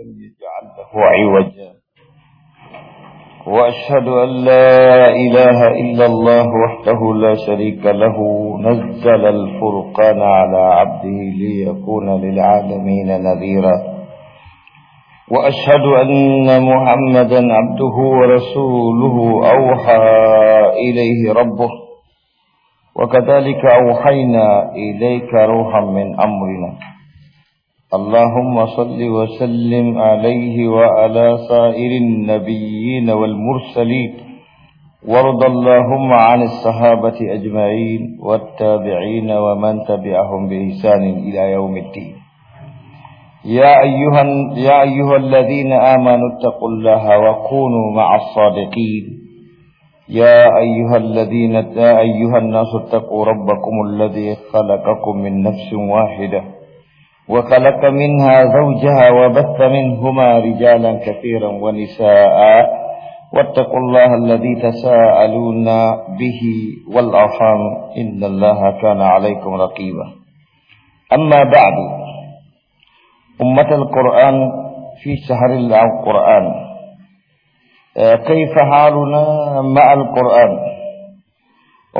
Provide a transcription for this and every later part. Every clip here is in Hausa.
يجعل له عوجا وأشهد أن لا إله إلا الله وحده لا شريك له نزل الفرقان على عبده ليكون للعالمين نذيرا وأشهد أن محمدا عبده ورسوله أوحى إليه ربه وكذلك أوحينا إليك روحا من أمرنا اللهم صل وسلم عليه وعلى سائر النبيين والمرسلين وارض اللهم عن الصحابة أجمعين والتابعين ومن تبعهم بإحسان إلى يوم الدين يا أيها, يا أيها الذين آمنوا اتقوا الله وكونوا مع الصادقين يا أيها الذين يا أيها الناس اتقوا ربكم الذي خلقكم من نفس واحده وخلق منها زوجها وبث منهما رجالا كثيرا ونساء واتقوا الله الذي تساءلون به والأرحام إن الله كان عليكم رقيبا أما بعد أمة القرآن في شهر القرآن كيف حالنا مع القرآن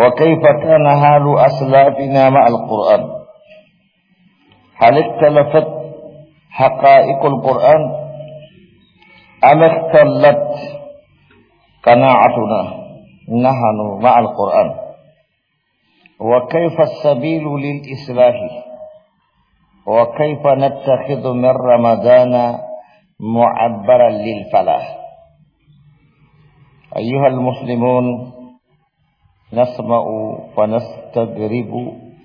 وكيف كان حال أسلافنا مع القرآن هل اختلفت حقائق القرآن أم اختلت قناعتنا نحن مع القرآن وكيف السبيل للإصلاح وكيف نتخذ من رمضان معبرا للفلاح أيها المسلمون نسمع ونستغرب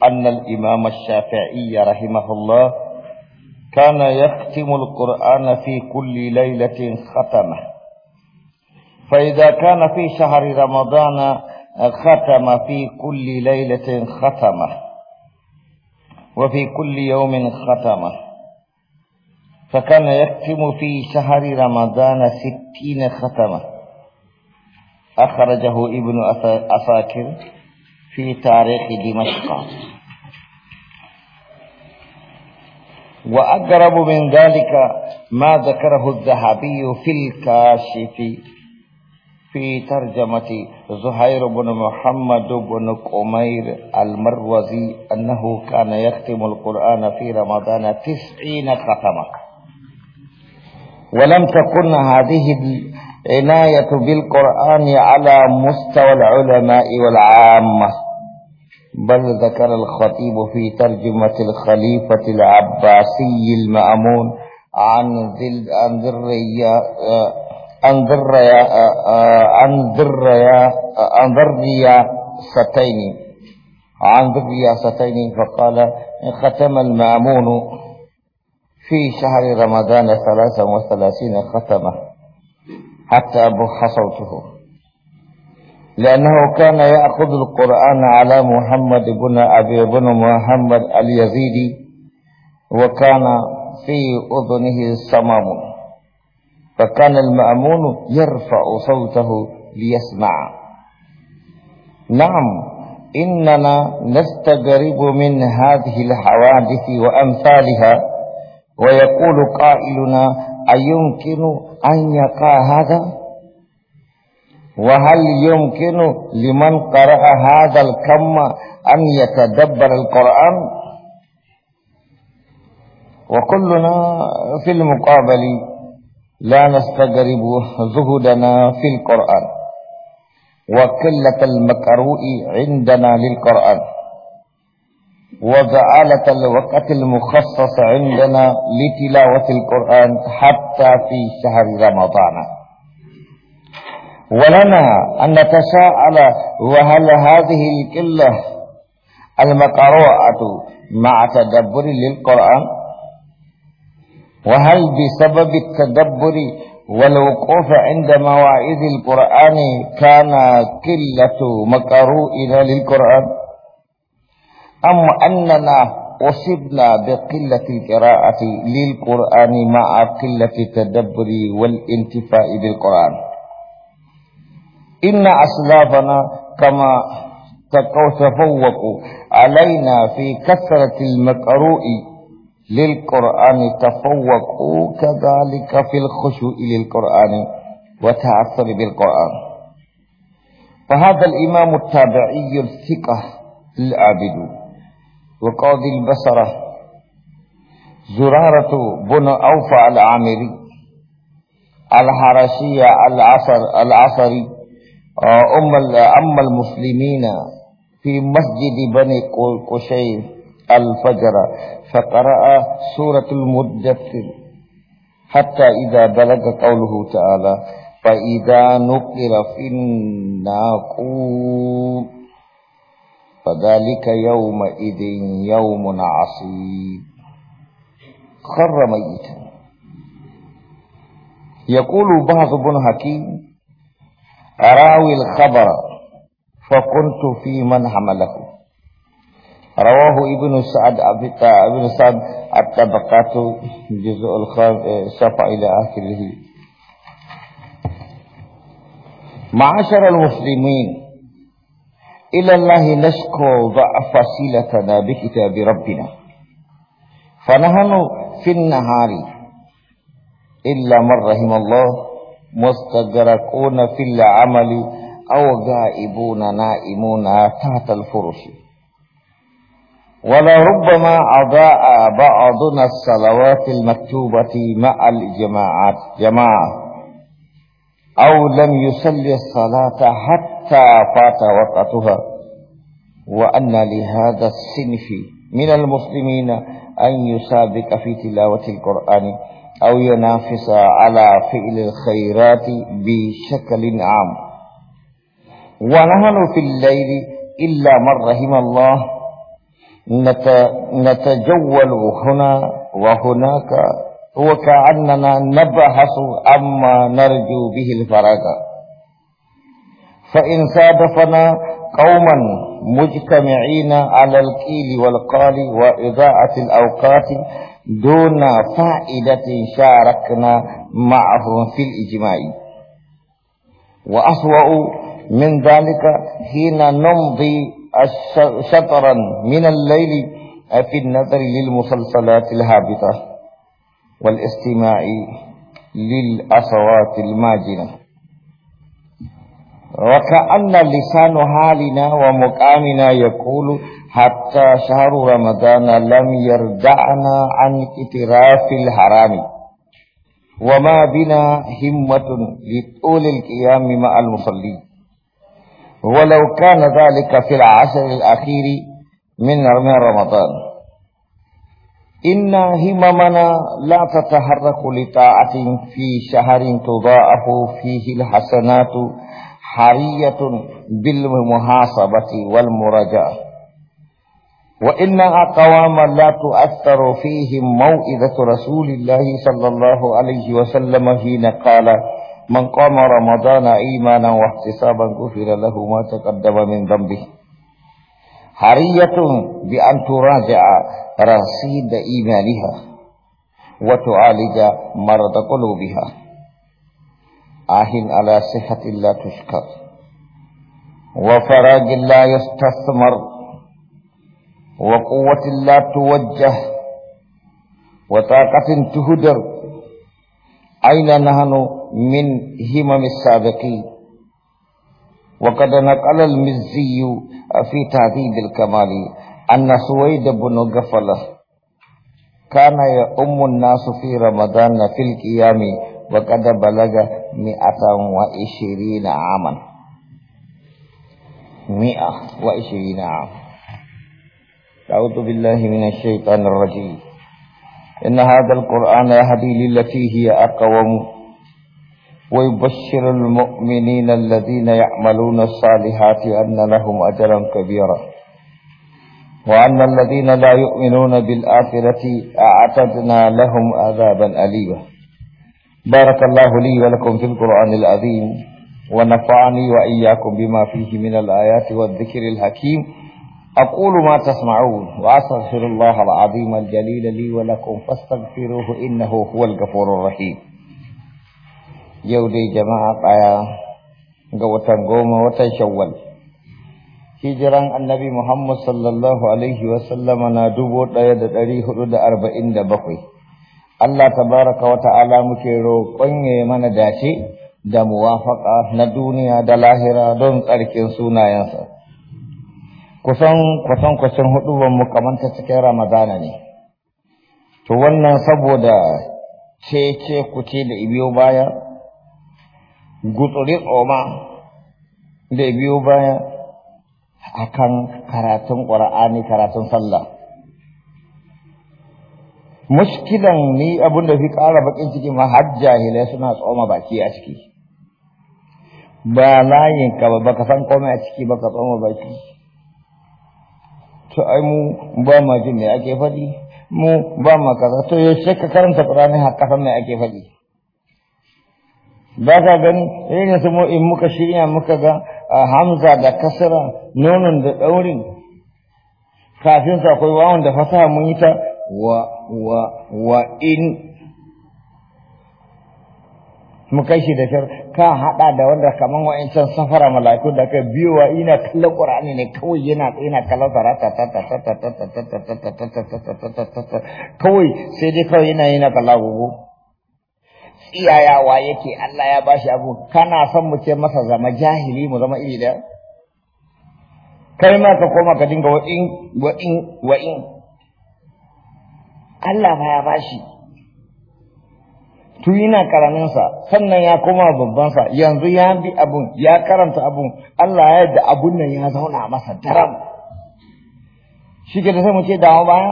أن الإمام الشافعي رحمه الله كان يختم القرآن في كل ليلة ختمة فإذا كان في شهر رمضان ختم في كل ليلة ختمة وفي كل يوم ختمة فكان يختم في شهر رمضان ستين ختمة أخرجه ابن أساكر في تاريخ دمشق وأقرب من ذلك ما ذكره الذهبي في الكاشف في ترجمة زهير بن محمد بن قمير المروزي أنه كان يختم القرآن في رمضان تسعين ختمة ولم تكن هذه العناية بالقرآن على مستوى العلماء والعامة بل ذكر الخطيب في ترجمة الخليفة العباسي المأمون عن ذل عن ذرية عن ذرية عن ذرية عن ذرية ستين عن ذرية ستين فقال ختم المأمون في شهر رمضان ثلاثا وثلاثين ختمه حتى حصلته لأنه كان يأخذ القرآن على محمد بن أبي بن محمد اليزيدي وكان في أذنه صمام فكان المأمون يرفع صوته ليسمع نعم إننا نستغرب من هذه الحوادث وأمثالها ويقول قائلنا أيمكن أن يقع هذا؟ وهل يمكن لمن قرأ هذا الكم أن يتدبر القرآن وكلنا في المقابل لا نستغرب زهدنا في القرآن وقلة المكروء عندنا للقرآن وجعالة الوقت المخصص عندنا لتلاوة القرآن حتى في شهر رمضان ولنا أن نتساءل وهل هذه الكلة المقروءة مع تدبر للقرآن وهل بسبب التدبر والوقوف عند مواعيد القرآن كان قلة مقروئنا للقرآن أم أننا أصبنا بقلة القراءة للقرآن مع قلة التدبر والانتفاء بالقرآن إن أسلافنا كما تفوقوا علينا في كثرة المقروء للقرآن تفوقوا كذلك في الخشوع للقرآن وتعثر بالقرآن فهذا الإمام التابعي الثقة العابد وقاضي البصرة زرارة بن أوفى العامري الحرشية العصر العصري آه، أم أم المسلمين في مسجد بني قشير الفجر فقرأ سورة المدثر حتى إذا بلغ قوله تعالى فإذا نقر في الناقور فذلك يومئذ يوم عصيب خر ميتا يقول بعض بن حكيم أراوي الخبر فكنت في من حمله رواه ابن سعد ابن سعد الطبقات جزء الصفا الى اخره معاشر المسلمين الى الله نشكو ضعف سيلتنا بكتاب ربنا فنهن في النهار الا من رحم الله مستجركون في العمل أو غائبون نائمون تحت الفرش ولربما أضاء بعضنا الصلوات المكتوبة مع الجماعات جماعة أو لم يصلي الصلاة حتى فات وقتها وأن لهذا الصنف من المسلمين أن يسابق في تلاوة القرآن أو ينافس على فعل الخيرات بشكل عام ونحن في الليل إلا من رحم الله نتجول هنا وهناك وكأننا نبحث عما نرجو به الفراغ فإن صادفنا قوما مجتمعين على الكيل والقال وإضاءة الأوقات دون فائدة شاركنا معهم في الإجماع وأسوأ من ذلك حين نمضي شطرا من الليل في النظر للمسلسلات الهابطة والاستماع للأصوات الماجنة وكأن لسان حالنا ومقامنا يقول حتى شهر رمضان لم يردعنا عن اتراف الحرام وما بنا همة لطول القيام مع المصلين ولو كان ذلك في العشر الأخير من رمضان إن هممنا لا تتحرك لطاعة في شهر تضاعف فيه الحسنات حرية بالمحاسبة والمراجعة وإن قواما لا تؤثر فيهم موئذة رسول الله صلى الله عليه وسلم حين قال من قام رمضان إيمانا واحتسابا غفر له ما تقدم من ذنبه حرية بأن تراجع رصيد إيمانها وتعالج مرض قلوبها آهن على صحة لا تشكر وفراج لا يستثمر وقوة لا توجه وطاقة تهدر أين نحن من همم السابقين وقد نقل المزي في تعذيب الكمال أن سويد بن قفلة كان يؤم الناس في رمضان في القيام وقد بلغ مئة وعشرين عاما مئة وعشرين عاما أعوذ بالله من الشيطان الرجيم إن هذا القرآن يهدي للتي هي أقوم ويبشر المؤمنين الذين يعملون الصالحات أن لهم أجرا كبيرا وأن الذين لا يؤمنون بالآخرة أعتدنا لهم عذابا أليما بارك الله لي ولكم في القرآن العظيم ونفعني وإياكم بما فيه من الآيات والذكر الحكيم أقول ما تسمعون وأستغفر الله العظيم الجليل لي ولكم فاستغفروه إنه هو الغفور الرحيم يودي جماعة آية قوة قوم وتشول hijiran annabi Muhammad sallallahu Alaihi wasallama na dubu ɗaya da ɗari hudu da arba'in da bakwai. Allah tabaraka wa ta'ala muke roƙon ya mana dace da muwafaƙa na duniya da lahira don tsarkin sunayensa. Kusan kusan kusan hudu ban mu kamanta cikin Ramadana ne. To wannan saboda cece kuce da ibiyo baya, gutsuri tsoma da ibiyo baya akan karatun ƙura'ani karatun sallah. muskilan ni abun da fi ƙara baƙin ciki ma har jahilai suna tsoma baki a ciki ba layin ka ba ka san komai a ciki ba ka tsoma baki to ai mu ba ma jin me ake faɗi mu ba ma kaza to yaushe ka karanta ƙur'ani har ka san me ake faɗi ba ka gani ne su in muka shirya muka ga hamza da kasara nonon da ɗaurin kafin sa akwai wawan da fasaha mun yi ta wa wa wa in mu shi da shar ka hada da wanda kaman wa'ancan safara mala'iku da ka wa ina kallon qur'ani ne kawai yana yana kallon sarata ta ta ta ta ta ta ta ta ta ta ta ta ta ta ta ta kawai sai dai kawai yana yana kallon gogo tsiyayawa yake Allah ya bashi abu kana son mu ce masa zama jahili mu zama iri da kai ma ka koma ka dinga Allah ma ya bashi tun yana karaminsa sannan ya koma babbansa yanzu ya bi abun ya karanta abun Allah ya yadda abun nan ya zauna masa daram shi ke da sai mu ce dawo baya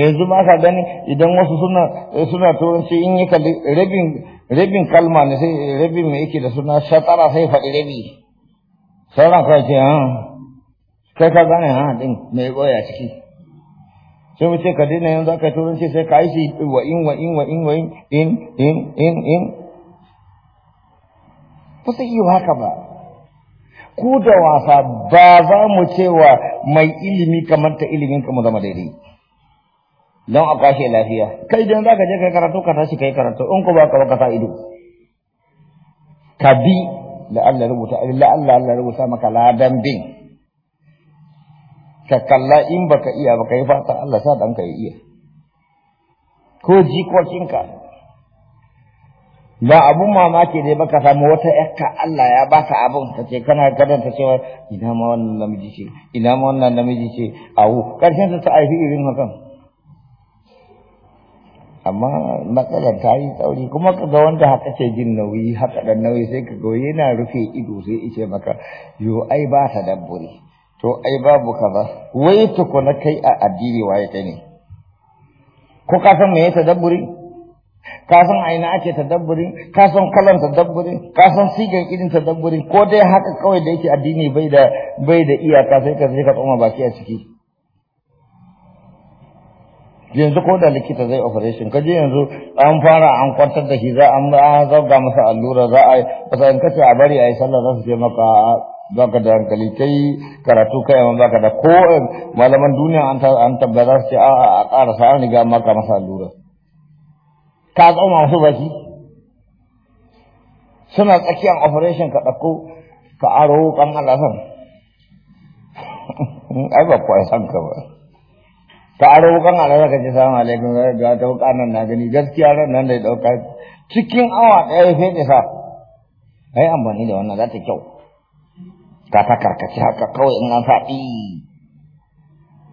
yanzu ba ka gani idan wasu suna suna turanci in yi kalli rabin rabin kalma ne sai rabin mai yake da suna shatara sai faɗi rabi sauran kawai ce ha ah. kai ka gane ha ah, din mai goya ciki sai mu ce ka daina yanzu aka turanci sai ka yi shi wa in wa in wa in wa in in in in in ba sai yi haka ba ku da wasa ba za mu cewa mai ilimi kamar ta ilimin ka mu zama daidai don a kwashe lafiya kai don za ka je kai karatu ka tashi kai karatu in ku ba ka baka sa ido ka bi la rubuta la rubuta maka ladan bin ka kalla in baka iya baka yi fata Allah sa ɗanka ya iya ko jikokinka ba abun mamaki dai baka samu wata yakka Allah ya ba ta abun ta ce kana gadon ta cewa ina ma wannan namiji ce ina ma wannan namiji ce awu karshen ta ta aifi irin hakan amma matsalar ta yi tsauri kuma ka ga wanda haka ce jin nauyi haka dan nauyi sai ka ga yana rufe ido sai ice maka yo ai ba ta dabbure to ai babu kaza wai tukuna kai a addini waye kai ne ko ka san me ya dabburi ka san aina ake tadabburi ka san kalan tadabburi ka san sigan irin tadabburi ko dai haka kawai da yake addini bai da bai da iyaka sai ka sai ka tsoma baki a ciki yanzu ko da likita zai operation kaje yanzu an fara an kwantar da shi za an zabga masa allura za a yi ce a bari a yi sallah za su ce maka baka da hankali kai karatu kai amma baka da ko malaman duniya an an tabbata su ce a a ƙara sa ni ga maka masa allura ka ma su baki suna tsakiyar operation ka dauko ka aro kan alasan ai ba kwa san ka ba ka aro kan alasan ka ce salamu alaikum ga ta nan na gani gaskiya ran nan da dauka cikin awa ɗaya ya fede sa ai amfani da wannan za ta kyau ta ta karkace haka kawai in an faɗi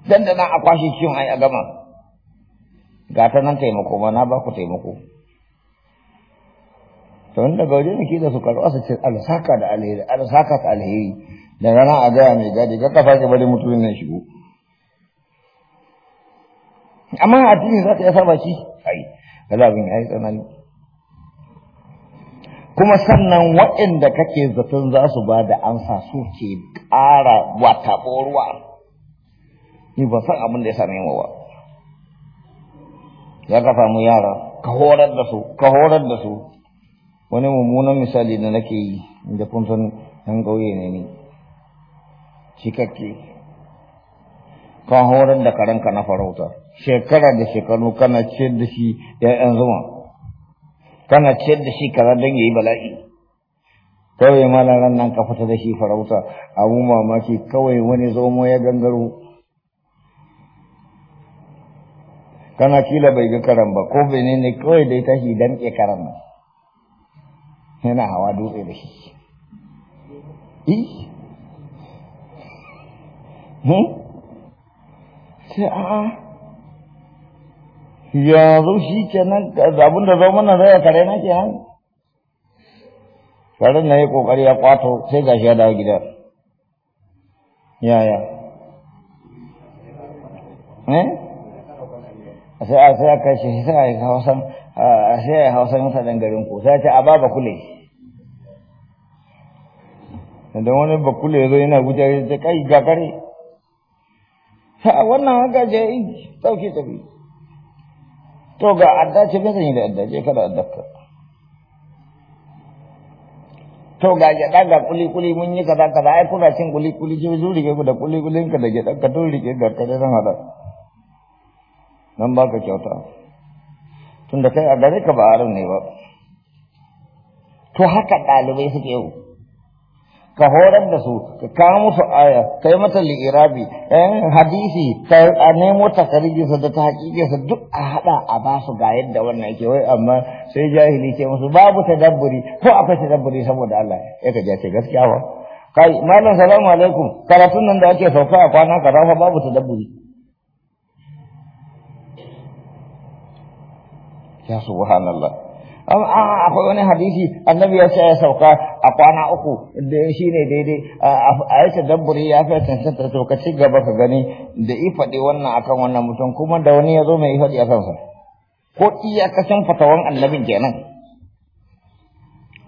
dandana a kwashe ciwon ai a gama ga ta nan taimako ma na ba ku taimako to daga wajen ke da su karɓa su ce alsaka da alheri alsaka ta alheri da rana a gaya mai gadi ga kafa ke bari mutumin nan shigo amma addini za ka iya saba ki ai galabin ya yi tsanani kuma sannan waɗanda kake zaton za su ba da amsa su ke ƙara wata ruwa ni ba san abin da ya same mu ba za ka samu yara ka horar da su wani mummunan misali da nake yi inda kun san ɗan ƙauye ne ni cikakke ka horar da karanka na farauta shekara da shekaru kana ciyar da shi ‘ya'yan zuma kana ciyar da shi kaza don yayi bala'i kawai malaran nan ka fita da shi farauta abu mamaki kawai wani zomo ya gangaro kana kila bai ga karan ba ko bai ne kawai dai tashi dan ke karan yana hawa dutse da shi hmm sai a'a zo shi nan abin da zo mana zai kare na ke hannu karen na yi kokari ya kwato sai gashi ya dawo gidan yaya eh sai a sai aka shi sai a yi hausan a sai a yi hausan sadan garin ku sai a ce a ba kule idan wani bakule ya zo yana gujar ya ce kai gagare wannan haka je yi ɗauke tafi to ga adda ce ba zan yi da adda je kada adda ka to ga gyaɗa ga kuli kuli mun yi kaza kaza ai kuna cin kuli kuli ji zuri rike ku da kuli kulin ka da gyaɗa ka to rike ga kare zan hada nan ba ka kyauta tunda kai a gare ka ba aron ne ba to haka ɗalibai suke yau ka horar da su ka kawo musu aya kai mata li'irabi ɗan hadisi ta a nemo takaririnsa da ta hakikinsa duk a haɗa a ba su ga yadda wannan ake wai amma sai jahili ce musu babu ta dabburi ko akwai dabburi saboda Allah ya ka jace gaskiya ba kai malam salamu alaikum karatun nan da ake sauka a kwana kaza fa babu ta dabburi. ya subhanallah amma akwai wani hadisi annabi ya ce ya sauka a kwana uku da shi ne daidai a yi dabburi ya fi cancanta to ka ci gaba ka gani da yi faɗi wannan akan wannan mutum kuma da wani ya zo mai faɗi a kansa ko iya kasan fatawan annabin kenan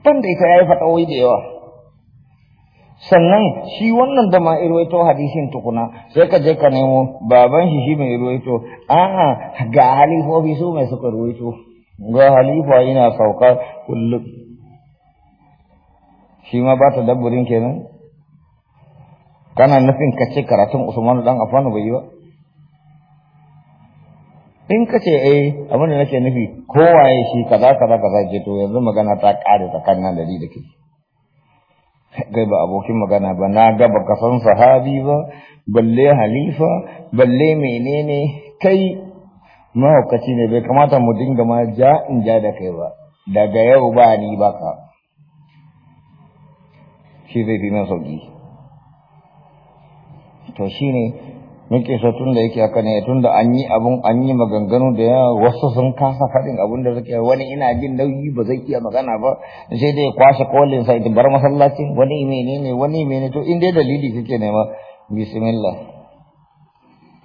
ban da ita ya yi fatawai da yawa sannan shi wannan da ma irwaito hadisin tukuna sai ka je ka nemo baban shi shi mai irwaito a'a ga halifofi su mai suka irwaito ga halifa yana saukar kullum shi ma ba ta dabburin kenan kana nufin ka ce karatun usmanu dan afanu bai yi ba in ka ce eh abin da nake nufi kowaye shi kaza kaza kaza ce to yanzu magana ta kare tsakanin da ni da ke kai ba abokin magana ba na ga baka san sahabi ba balle halifa balle menene kai mahaukaci ne bai kamata mu dinga ma ja in ja da kai ba daga yau ba ni baka shi zai fi masa sauki to shine muke so tun da yake haka ne tun da an yi abun an yi maganganu da yawa wasu sun kasa faɗin abun da suke wani ina jin nauyi ba zai iya magana ba sai dai kwashe kolin sa ita bar masallaci wani menene wani menene to in dai dalili kake nema bismillah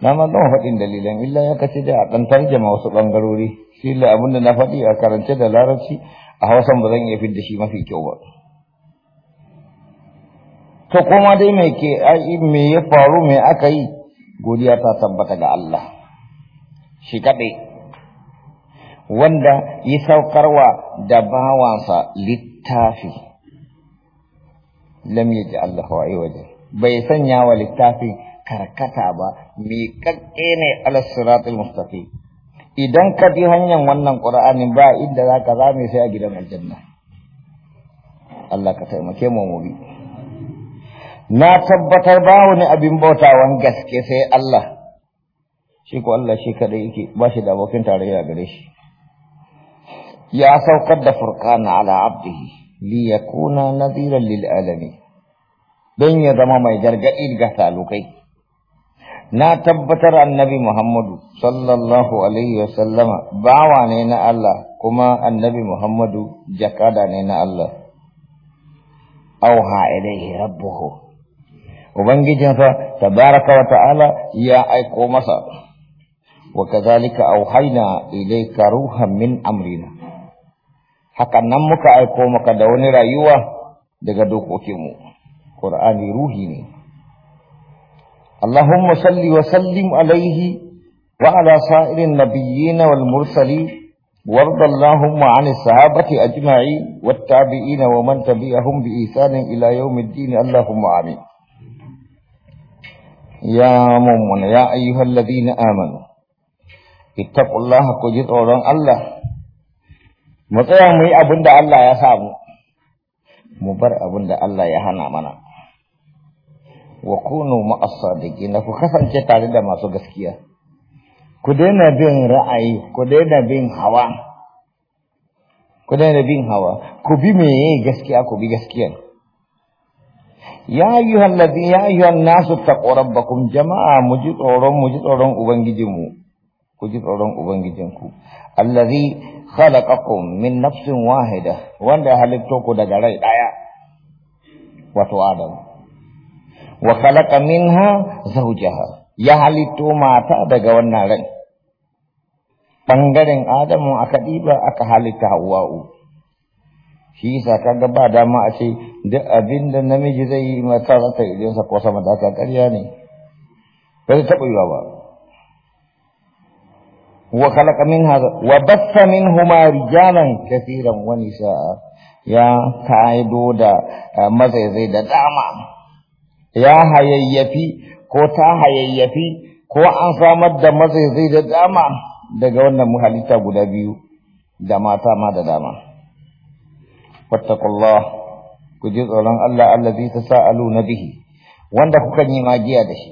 na ma gama faɗin dalilan illa ya kace da a ɗan tarjama wasu ɓangarori shi abun da na faɗi a karance da larabci a hausan ba zan iya fidda shi mafi kyau ba to kuma dai mai ke ai me ya faru me aka yi godiya ta tabbata ga Allah shi kaɗai wanda ya saukarwa da bawansa littafi lam ji Allah wa wajen bai sanya wa littafi karkata ba miƙaƙƙe ne ala siratul mustaqim idan ka bi hanyar wannan qur'ani ba inda zaka zame sai a gidan aljanna Allah ka taimake mu mu bi na tabbatar ba wani abin bautawan gaske sai Allah shi ko Allah shi kadai yake ba shi da abokin tarayya gare shi ya saukar da furkana ala abdihi li yakuna nadhiran lil alamin dan ya zama mai gargaɗi ga talukai na tabbatar annabi Muhammadu sallallahu alaihi wasallama bawa ne na Allah kuma annabi Muhammadu jakada ne na Allah auha ilaihi rabbuhu ubangijinsa tabaraka wa ta'ala ya aiko masa wa kadhalika auhayna ilayka ruhan min amrina hakan nan muka aiko maka da wani rayuwa daga dokokinmu qur'ani ruhi ne allahumma salli wa sallim alayhi wa ala sa'irin nabiyyin wal mursalin وارض اللهم عن الصحابة أجمعين والتابعين ومن تبعهم بإحسان إلى يوم الدين اللهم آمين ya mummuna ya ayyuhal ladina amanu ittaqullaha ku ji tsoron Allah mu tsaya mu yi abin da Allah ya samu mu bar abin da Allah ya hana mana wa kunu da gina ku kasance tare da masu gaskiya ku daina bin ra'ayi ku daina bin hawa ku daina bin hawa ku bi me gaskiya ku bi gaskiya ya ayyuhal ladhi ya ayyuhan nasu taqu rabbakum jama'a mu ji tsoron mu ji tsoron ubangijinmu ku ji tsoron ubangijinku allazi khalaqakum min nafsin wahida wanda ya halitto ku daga rai daya wato adam wa khalaqa minha zawjaha ya halitto mata daga wannan rai bangaren adamu aka diba aka halitta hawwa'u shi sa kaga ba dama a ce duk abin da namiji zai yi mata za ta idinsa ko sama da haka karya ne ba zai taɓa yiwa ba wa khalaqa minha wa min huma rijalan kaseeran wa nisaa ya kaido da eh, mazaizai da dama ya hayayyafi ko ta hayayyafi ko an samar da mazaizai da dama daga wannan muhalita guda biyu da mata ma da dama wattaqullah ku ji tsoron Allah allazi tasaaluna bihi wanda kuka yi magiya da shi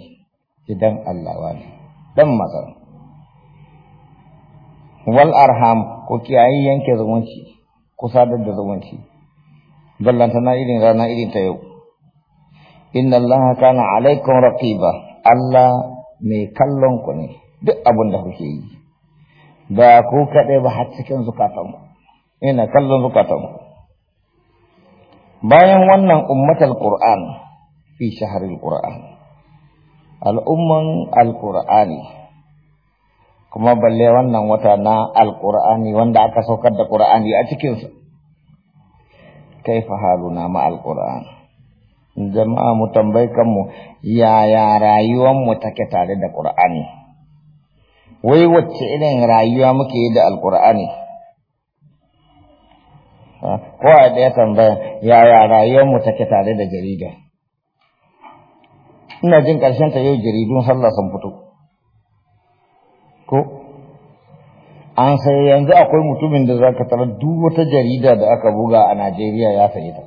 idan Allah wani dan mazan wal arham ku kiyaye yanke zumunci ku sadar da zumunci na irin rana irin ta yau inna Allah kana alaikum raqiba Allah mai kallon ku ne duk abin da kuke yi ba ku kaɗai ba har cikin zukatanku ina kallon zukatanku bayan wannan ummatal Qur'an fi shahril Qur'an al'umman qurani kuma balle wannan wata na al-Qur'ani wanda aka saukar da qur'ani a cikin sa kaifa haluna ma al al-Qur'an jama'a mu tambayi kanmu yaya rayuwar mu take tare da qur'ani wai wacce irin rayuwa muke yi da al alqur'ani kowa da ya tambaya yaya rayuwarmu take tare da jarida ina jin ƙarshen ta yau jaridun sallah sun fito ko an sai yanzu akwai mutumin da zaka tara duk wata jarida da aka buga a Najeriya ya sayi ta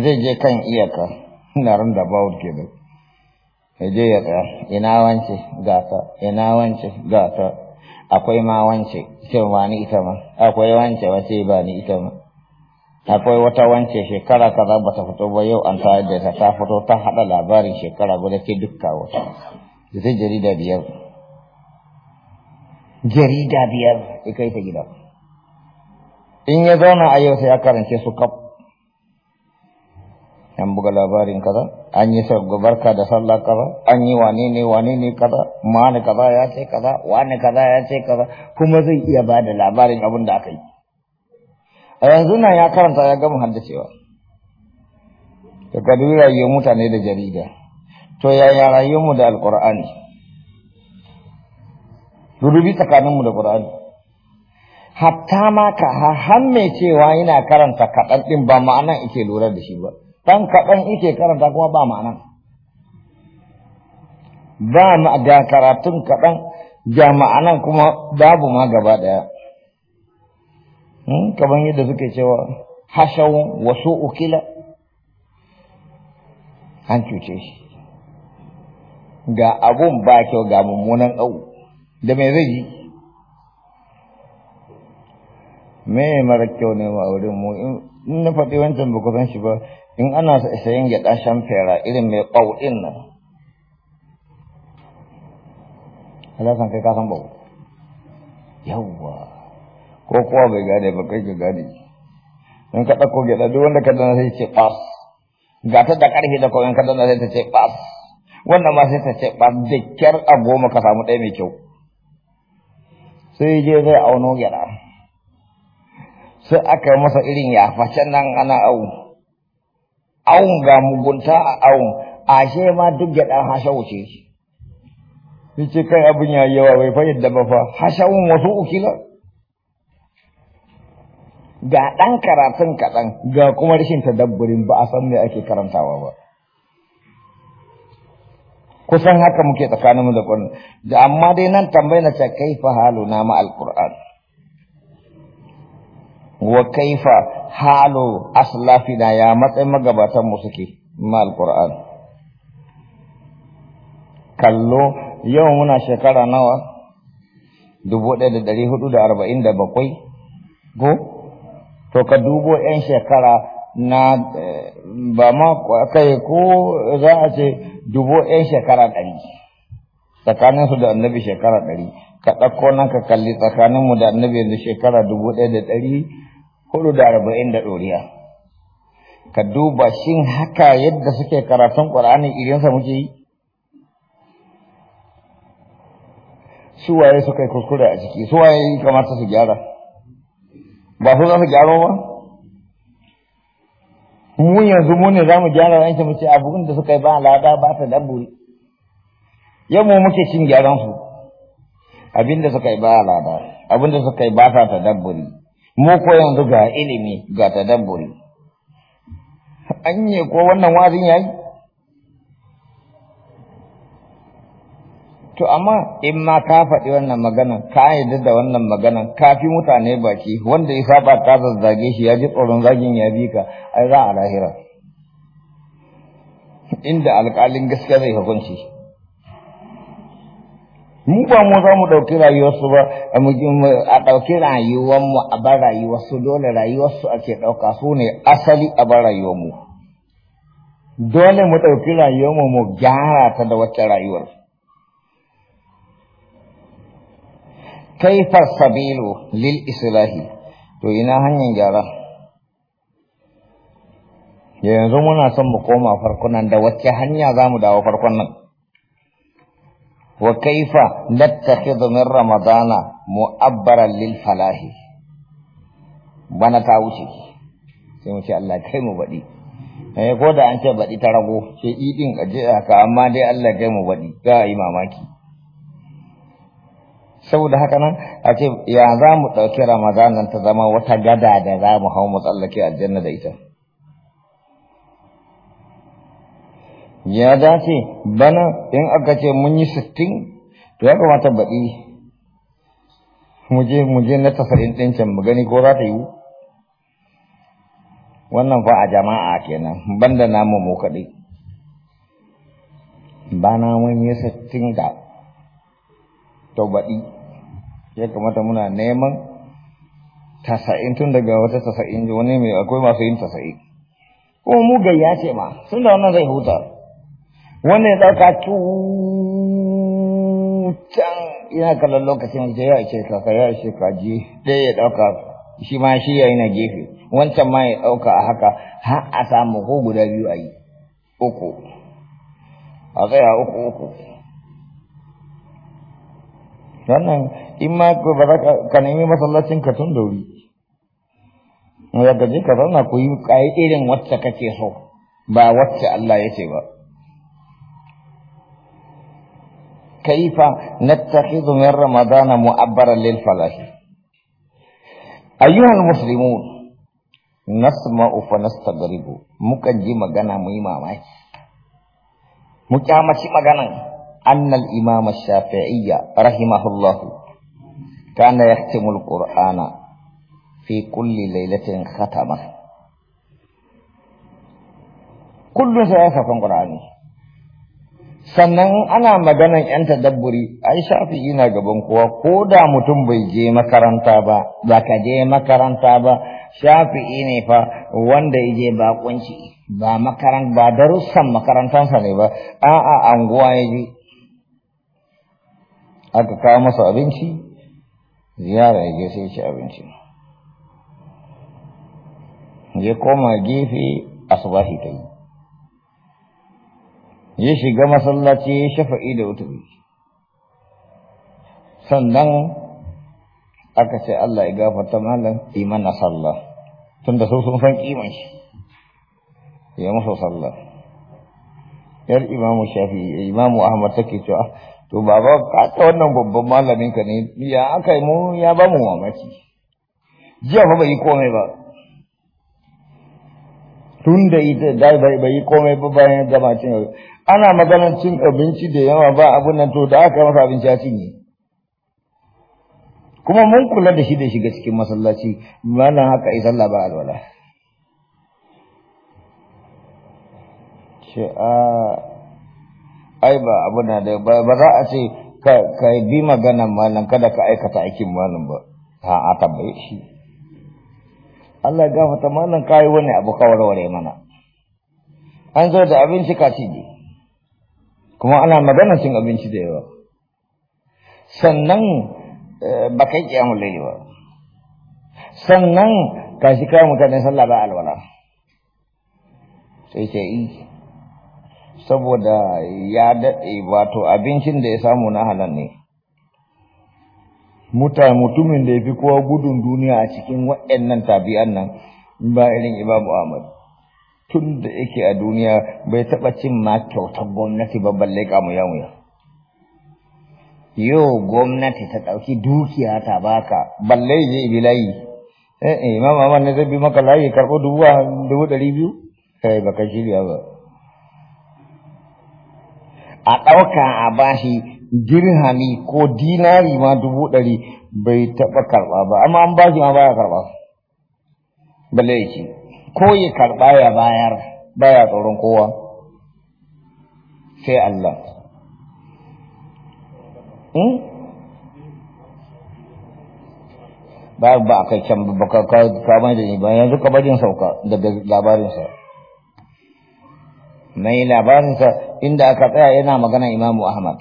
zai je kan iyaka ina ran da bawul ke ya je ya tsaya ina wance gata ina wance gata akwai ma wance sai ba ni ita ma akwai wance sai ba ni ita ma akwai wata wance shekara kaza ba ta fito ba yau an ta yadda ta ta fito ta hada labarin shekara guda ke dukka wata zai jarida biyar jarida biyar ya kai ta gida in ya zauna a yau sai ya karance su kaf an buga labarin kaza an yi barka da sallah kaza an yi wane ne wane ne kaza mani kaza ya ce kaza wani kaza ya ce kaza kuma zai iya ba da labarin abin da aka yi a yanzu nan ya karanta ya gama haddacewa daga duk rayuwar mutane da jarida to yaya rayuwar mu da alkur'ani rurubi tsakaninmu da qur'ani hatta ma ka har cewa yana karanta kaɗan ɗin ba ma'anan ike lura da shi ba ɗan kaɗan ike karanta kuma ba ma'ana ba ma da karatun kaɗan ga ma'anan kuma babu ma gaba ɗaya hmm, kamar yadda suke cewa hashawun wasu ukila an cuce shi ga abun ba kyau ga mummunan ɗau da mai zai yi me mara kyau ne ma wurin mu in na faɗi wancan ba ku san shi ba in ana sayan gyaɗa shan fera irin mai ƙauɗin nan alasan kai kasan bau yawwa ko kowa bai gane ba kai ka gane in ka ɗauko gyaɗa duk wanda ka dana sai ce ɓas ga ta da ƙarfi da kawai in ka dana sai ta ce ɓas wannan ma sai ta ce ɓas da kyar a goma ka samu ɗaya mai kyau sai je zai auno gyaɗa sai aka masa irin facen nan ana au awon ga mugunta a awon ashe ma duk gyaɗa hasha wuce shi yace kai abin ya yawa bai fa yadda ba fa hashawun wasu ukila ga ɗan karatun kaɗan ga kuma rashin tadabburin ba a san me ake karantawa ba kusan haka muke tsakaninmu da ƙwarin da amma dai nan tambayi na ce kai fa halu na ma alƙur'an wa kaifa halu aslafina ya matsayin magabatan mu suke mal qur'an kallo yau muna shekara nawa dubu ɗaya da ɗari hudu da arba'in da bakwai go to ka dubo yan shekara na eh, ba ma kai ko za a ce dubu yan shekara ɗari tsakaninsu da annabi shekara ɗari ka ɗauko nan ka kalli tsakaninmu da annabi yanzu shekara dubu ɗaya da ɗari hudu da arba'in da ɗoriya ka duba shin haka yadda suke karatun ƙur'ani irinsa muke yi su waye suka yi kuskure a ciki su waye kamata su gyara ba su za su gyaro ba mu yanzu mu ne za mu gyara yanki mu ce abubuwan da suka yi ba lada ba ta daburi yau mu muke cin gyaran su abin da suka yi ba lada abin da suka yi ba ta daburi mu ko yanzu ga ilimi ga tadabburi an yi ko wannan wazin yayi to amma in ma ka faɗi wannan magana ka yarda da wannan magana ka fi mutane baki wanda ya saba ka zazzage shi ya ji tsoron zagin ya bi ka ai za a lahira inda alƙalin gaskiya zai hukunci mu ba mu za mu ɗauki rayuwarsu ba a ɗauki rayuwarmu a bar rayuwarsu dole rayuwarsu ake ɗauka su ne asali a bar rayuwarmu dole mu ɗauki rayuwarmu mu gyara ta da wata rayuwar kaifar sabilu lil islahi to ina hanyar gyara yanzu muna son mu koma farkon nan da wacce hanya za mu dawo farkon nan وكيف نتخذ من رمضان مؤبرا للفلاح bana ta sai mu ce Allah kai mu baɗi eh ko da an ce baɗi ta rago sai idin aje haka amma dai Allah kai mu baɗi ga yi mamaki saboda haka nan a ce ya za mu ɗauki Ramadan ta zama wata gada da za mu hau mu tsallake aljanna da ita ya dace bana in aka ce mun yi sittin to ya kamata baɗi muje muje na tasarin ɗin can mu gani ko za ta yiwu wannan fa a jama'a kenan banda namu mu kaɗai bana mun yi sittin da to baɗi ya kamata muna neman tasa'in tun daga wata tasa'in wani mai akwai masu yin tasa'in kuma mu gayya ce ma sun da wannan zai huta wannan ya ɗauka tutan ina kallon lokacin da ya ce ka ka ya ishe ka ji ɗaya ya ɗauka shi ma shi ya na gefe wancan ma ya ɗauka a haka har a samu ko guda biyu a yi uku a tsaya uku uku wannan in ma ba za ka nemi masallacin ka tun da wuri ya gaji ka zauna ku yi ƙayi irin wacce kake so ba wacce Allah ya ce ba كيف نتخذ من رمضان معبرا للفلاح أيها المسلمون نسمع فنستغرب ممكن جي مغانا مهمة ماشي شي مغانا أن الإمام الشافعي رحمه الله كان يختم القرآن في كل ليلة ختمه كل في القرآن sannan ana maganan yan tadabburi ai shafi ina gaban kowa ko da mutum bai je makaranta ba ba ka je makaranta ba shafi ne fa wanda ya je bakunci ba makaranta ba darussan makarantansa ne ba a'a anguwa ya je aka kawo masa abinci ziyara ya je sai ci abinci ya koma gefe asubahi ta yi ya shiga masallaci ya shafa'i da wuturi sannan aka ce Allah ya gafarta malam iman na sallah tunda da sun san kiman shi ya musu sallah yar imamu shafi imamu ahmad take cewa to baba ka ta wannan babban malamin ka ne ya aka yi mu ya ba mu mamaki jiya ba bai komai ba tun da ita da bai yi komai ba bayan gama cin ana maganar cin abinci da yawa ba abun nan to da aka masa abinci ya cinye kuma mun kula da shi da shiga cikin masallaci malam haka isan ba alwala ce a ai ba abu na da ba za a ce ka bi magana malam kada ka aikata aikin malam ba a a tambaye shi Allah ya gafata malam kai wani abu kawarware mana an zo da abinci ka ci ne kuma ana magana cin abinci da yawa sannan eh, ba kai kiyamun laili ba sannan ka shi kayan mutane sallah ba alwala sai ce yi saboda ya daɗe wato abincin da ya samu na halal ne mutane mutumin da ya fi kowa gudun duniya a cikin waɗannan tabi'an nan ba irin ibabu ahmad tun da yake a duniya bai taɓa cin ma kyautar gwamnati ba balle mu muya Yau gwamnati ta ɗauki dukiya ta baka balle je bi layi. Eh, eh mama Ahmad ne zai bi maka layi karɓo dubu dubu ɗari biyu? Kai baka shirya ba. A ɗauka a bashi girhani ko dinari ma dubu ɗari bai taɓa karɓa ba, amma an bashi ma baya karɓa. Balle yake. ko ya karɓa ya bayar baya tsoron kowa sai Allah hmm? ba ba a kai can ba ka mai da ni ba yanzu ka bajin sauka daga labarinsa mai labarinsa inda aka tsaya yana magana imamu ahmad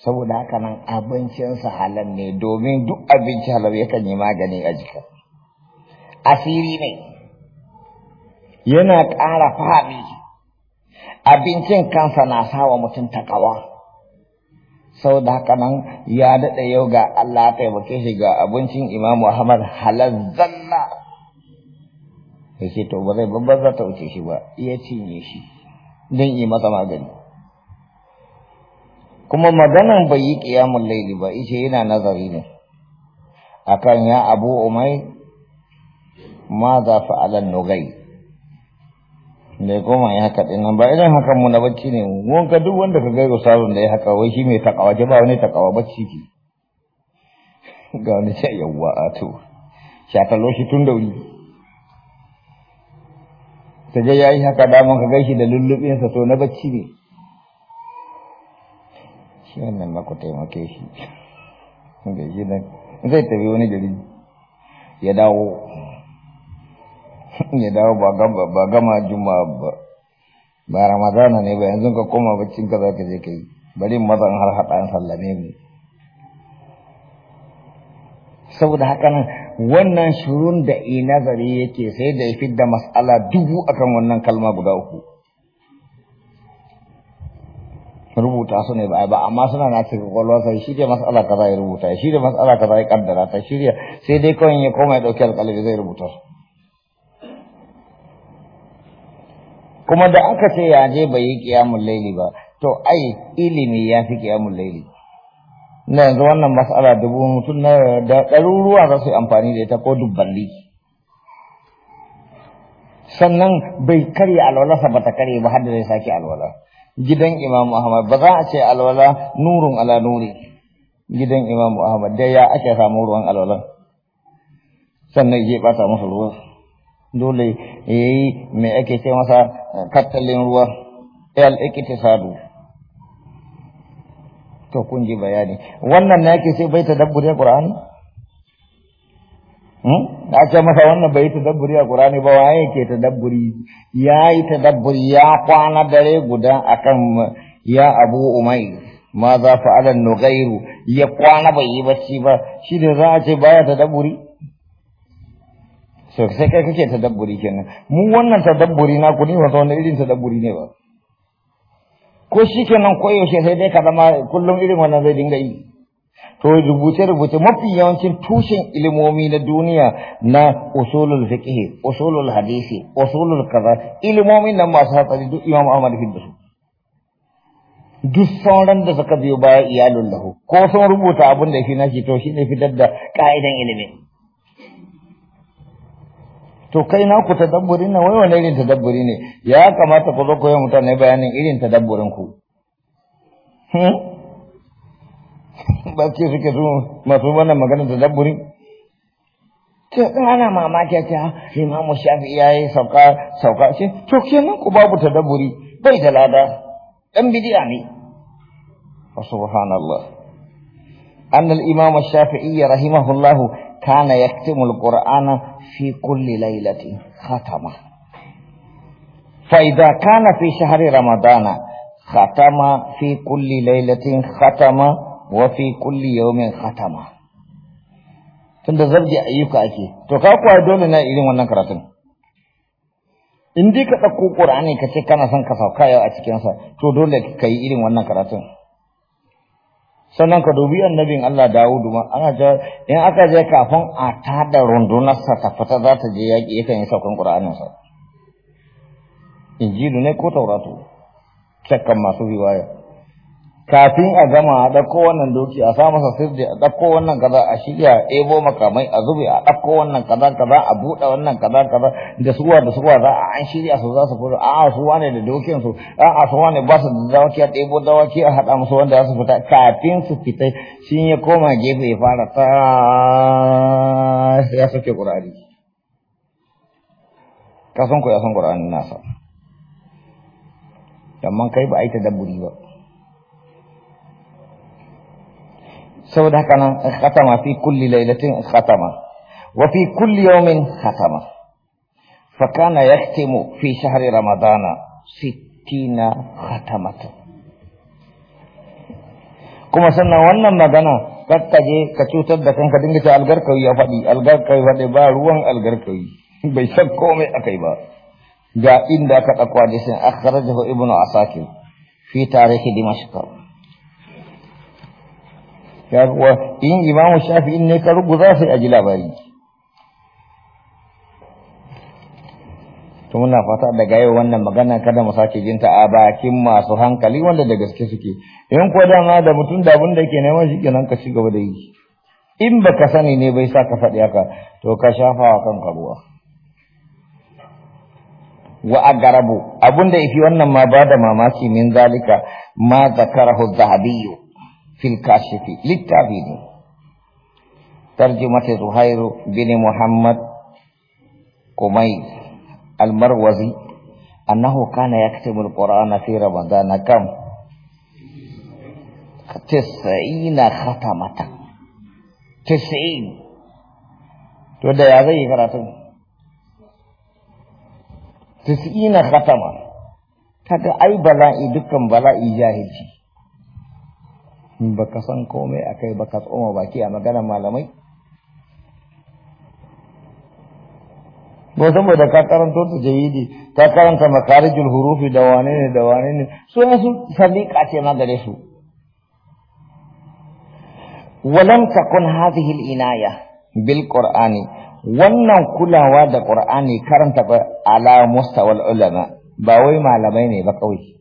saboda haka nan abincinsa halal ne domin duk abinci halal yakan yi magani a jika asiri ne yana ƙara faɗi abincin kansa na sawa mutum takawa sau da haka nan ya daɗa yau ga Allah taimake shi ga abincin Imam Muhammad halal ya ce to ba zai babbar za ta wuce shi ba iya cinye shi don yi masa magani kuma maganan bai yi ƙiyamun laili ba ishe yana nazari ne akan ya abu umai ma za fa'alan nugai da goma ya haka din nan ba idan haka mu na bacci ne mun ka duk wanda ka ga sarun da ya haka wai shi mai takawa ji ba wani takawa bacci ki ga wani ce yawwa a to shakalo shi tun da wuri ta je yayi haka da mun ka gaishi da lullubin sa to na bacci ne shi wannan ba ku taimake shi ga yi nan zai tafi wani gari ya dawo ya dawo ba gama juma ba ba ramadana ne ba yanzu ka koma baccin ka za ka je ka yi bari mazan har haɗa sallame mu saboda haka nan wannan shirun da i nazari yake sai da ya fidda mas'ala dubu akan wannan kalma guda uku rubuta su ne ba amma suna na cikin kwalwa sai shi da mas'ala kaza ya rubuta shi da mas'ala kaza ya kaddara ta shirya sai dai kawai ya koma ya ɗauki alƙalami zai rubuta su kuma da aka ce ya je bai yi kiyamun laili ba to ai ilimi ya fi kiyamun laili na yanzu wannan mas'ala dubu mutum na da ɗaruruwa za su yi amfani da ita ko dubbanni sannan bai karya alwalarsa ba ta karye ba har da zai sake alwala gidan imamu ahmad ba za a ce alwala nurun ala nuri gidan imamu ahmad dai ya ake samu ruwan alwalan sannan ya ɓata masa ruwan dole ya yi mai ake ce masa tattalin ruwa al-iktisadu to kun ji bayani wannan ne yake sai bai ta dabburi Qur'ani hmm da ce masa wannan bai dabburi a Qur'ani ba waye yake tadabburi yayi dabburi? ya kwana dare guda akan ya Abu umai. ma za fa'ala nugairu ya kwana bai yi bacci ba shi da za a ce baya ta dabburi? so sai kai kake tadabburi kenan mu wannan tadabburi na ku ni wannan irin irin tadabburi ne ba ko shi kenan koyaushe sai dai ka zama kullum irin wannan zai dinga yi to rubuce-rubuce mafi yawancin tushen ilimomi na duniya na usulul fiqh usulul hadisi usulul kaza ilimomi nan masu hatsari duk imam Ahmad bin su duk sauran da suka biyo baya iyalun lahu ko sun rubuta abin da shi na shi to shi ne fitar da ka'idan ilimi. to kai na ku tadabburi na wai wani irin tadabburi ne ya kamata ku zo koyon mutane bayanin irin tadabburin ku hmm? ba ke suke su masu wannan maganar tadabburi ce ana mamaki ta ah, imamu shafi ya yi sauka sauka ce to kenan ku babu tadabburi bai da lada dan bidiya ne wa subhanallah annal imam shafi'i rahimahullahu kana yaktimul qur'ana fi kulli lailatin khatama fa idza kana fi shahri ramadana khatama fi kulli lailatin khatama wa fi kulli yawmin khatama tunda zabje ayyuka ake to ka kuwa dole na irin wannan karatun in dai ka ɗauko ƙur'ani ka ce kana son ka sauka yau a cikinsa to dole ka yi irin wannan karatun sannan ka dubi annabin Allah Dawudu ma ana ja in aka je kafin a tada rundunar sa ta fita za ta je yaki yakan yi saukan Qur'anin sa Injilu ne ko Tauratu sakkan masu riwaya kafin a gama a ɗauko wannan doki a sa masa sirri a ɗauko wannan kaza a shirya a ɗebo makamai a zube a ɗauko wannan kaza kaza a buɗe wannan kaza kaza da suwa da suwa za a an shirya su za su fito a su wane da dokin su a su wane ba su da dawaki a ɗebo dawaki a haɗa musu wanda za su fita kafin su fita shi ya koma gefe ya fara ta ya sauke ƙurari ka san ku ya san ƙurarin nasa amma kai ba a yi ta dabburi ba سو ده كان ختمة في كل ليلة ختمة وفي كل يوم ختمة فكان يختم في شهر رمضان ستين ختمة كما سنة وانا مدانا قد تجي كتوتا دكان كدنجة ألغر كوي أفادي ألغر كوي فادي باروان ألغر كوي بيسا كومي أكيبا جا إن داكت أكواديسين أخرجه ابن عساكي في تاريخ دمشق kaga in imamu in ne ka ruguza sai a ji labari tun muna fata daga yau wannan magana kada mu sake jinta a bakin masu hankali wanda da gaske suke in ko dama da mutum da abin da ke neman shi kenan ka ci gaba da yi in ka sani ne bai sa ka faɗi haka to ka shafa wa kanka ruwa wa agarabu abin da yafi wannan ma ba da mamaki min zalika ma zakarahu zahabiyyu في الكاشف للتعبيد ترجمة زهير بن محمد قميص المروزي أنه كان يكتب القرآن في رمضان كم تسعين ختمة تسعين تودى يا زي كراتون تسعين ختمة kaga ai bala'i dukkan bala'i jahilci baka san komai akai baka tsoma baki a maganar malamai ba da ka karanto ta jayidi ka karanta makarijul hurufi da wane ne da wane ne su ne su sadiqa ce ma gare su walam takun hadhihi al-inaya bil qur'ani wannan kulawa da qur'ani karanta ba ala mustawal ulama ba wai malamai ne ba kawai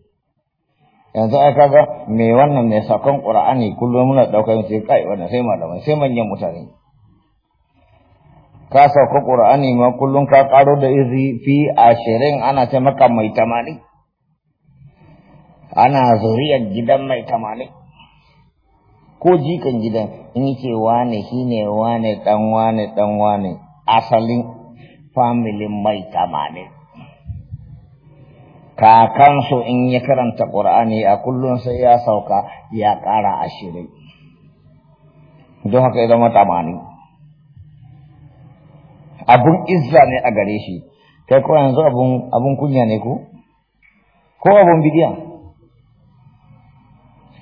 yanzu ai kaga me wannan ne sakon qur'ani kullum muna daukar shi kai wannan sai malamai sai manyan mutane ka sauka qur'ani ma kullum ka karo da izi fi ashirin ana ce maka mai tamani ana zuriyar gidan mai tamani ko jikan gidan in ce wane shine wane dan wane dan wane asalin familin mai tamanin kakansu in ya karanta ƙur'ani a kullum sai ya sauka ya ƙara ashirin don haka ya zama tamani abun izza ne a gare shi kai ko yanzu abun kunya ne ko ko abun bidiyan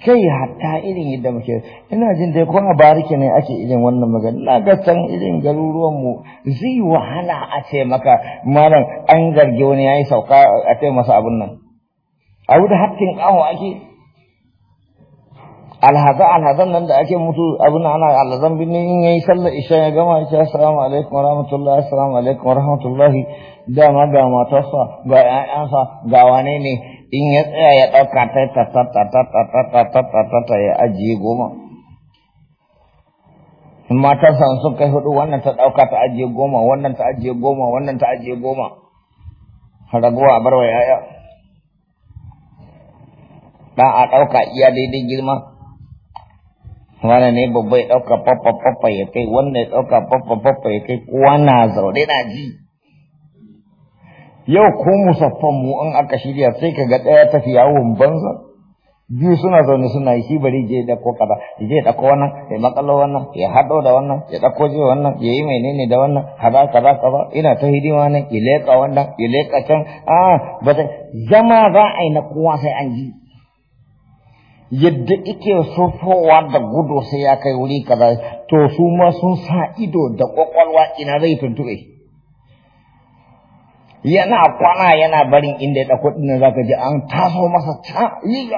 kai hatta irin yadda muke ina jin dai ko a bariki ne ake irin wannan magana na ga can irin garuruwan mu zai wahala a ce maka malam an garge wani yayi sauka a ce masa abun nan a wuda hakkin kawo ake alhaza alhazan nan da ake mutu abun ana alhazan bin in yayi sallar isha ya gama ya assalamu alaikum wa rahmatullahi assalamu alaikum wa rahmatullahi dama ga matarsa ga ƴaƴansa ga wane ne in ya tsaya ya ɗauka ta tatatatatatatatatata ya ajiye goma in matarsa sun kai hudu wannan ta ɗauka ta ajiye goma wannan ta ajiye goma wannan ta ajiye goma ragowa bar wa yaya ɗan a ɗauka iya daidai girma wani ne babba ya ɗauka faffafaffa ya kai wannan ya ɗauka faffafaffa ya kai kowa na zaune na ji yau ko musaffan mu an aka shirya sai ka ga ɗaya tafi yawon banza biyu suna zaune suna yi shi bari je da ko je da ko wannan ya makalo wannan ya hado da wannan ya dako je wannan ya yi menene da wannan kaza kaza kaza ina ta hidima nan ya leƙa wannan ya leƙa can a ba zama za a yi na kowa sai an yi yadda ike sofowa da gudu sai ya kai wuri kaza to su ma sun sa ido da ƙwaƙwalwa ina zai tuntuɓe yana kwana yana barin inda ya ɗauko ɗin za ka ji an taso masa ta yi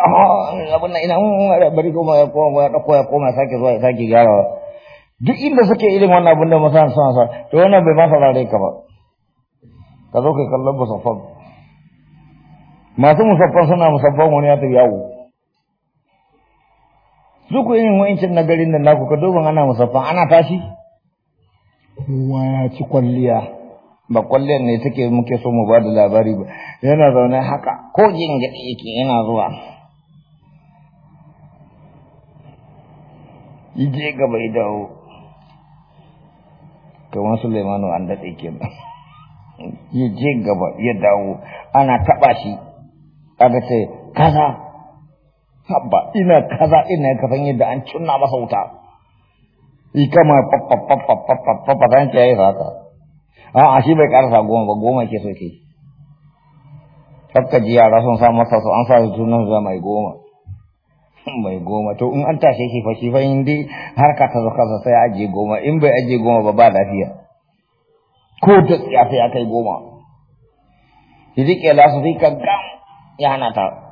abin nan ina mm, bari kuma ya koma ya ɗauko ya koma sake zuwa ya sake gyarawa duk inda suke irin wannan abin da masu hansu hansu to wannan bai masa rare ka ba ka zo ka kallon musaffan masu musaffan suna musaffan wani ya tafi yawo duk irin wa'incin na garin da naku ka dogon ana musaffan ana tashi kowa ya ci kwalliya ba kwallon ne take muke so mu ba da labari ba yana zaune haka ko jin gaɗi yake yana zuwa je gaba ya dawo kamar Sulaimanu an daɗe kenan ya je gaba ya dawo ana taɓa shi aka ce kaza habba ina kaza ina kafan yadda an cunna masa wuta yi kama zan ce ya yi haka a shi bai karasa goma ba goma ke so ke kakka jiya yara sun sa masa su an sa su tunan za mai goma mai goma to in an tashe shi fa shi fa in dai harka ta zo sa sai ajiye goma in bai ajiye goma ba ba lafiya ko da ya fi ya kai goma shi rike lasu fi ka gam ya hana ta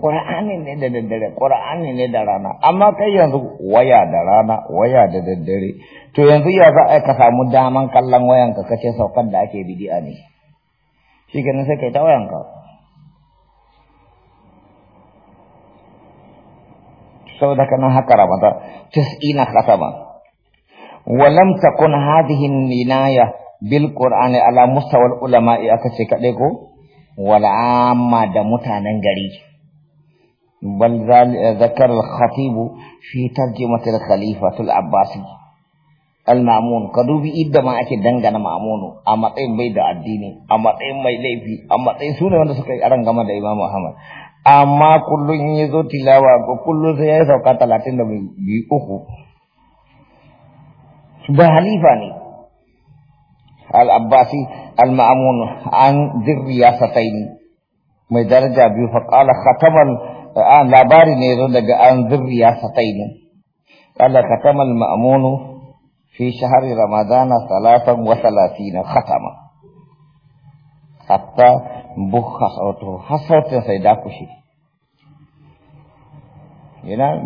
ƙura'ani ne da daddare ƙura'ani ne da rana amma kai yanzu waya da rana waya da daddare to yanzu ya za a ka samu daman kallon wayanka kace saukar da ake bidi'a ne shi kenan sai kai ta wayanka saboda kana haka ramata tis'ina kasama walam takun hadhihi an-ninaya bil qur'ani ala mustawa al-ulama aka ce kadai ko wal amma da mutanen gari بل ذكر الخطيب في ترجمة الخليفة العباسي المامون كدو بي إدى ما أكي دنغانا مامون أما تين بيدا الديني أما تين مي ليفي أما تين سوني وانا سكي أرنغما دا إمام محمد أما كل يزو تلاوة كل سيئة وقات لاتين بي أخو بحليفاني العباسي المامون عن ذر رياستين مدرجة بي فقال ختم labari ne zo daga an zurriya sataini Allah ka kamal ma'amunu fi shahari ramadana salatan wa salatina khatama hatta bukha sautu hasautin sai da kushi yana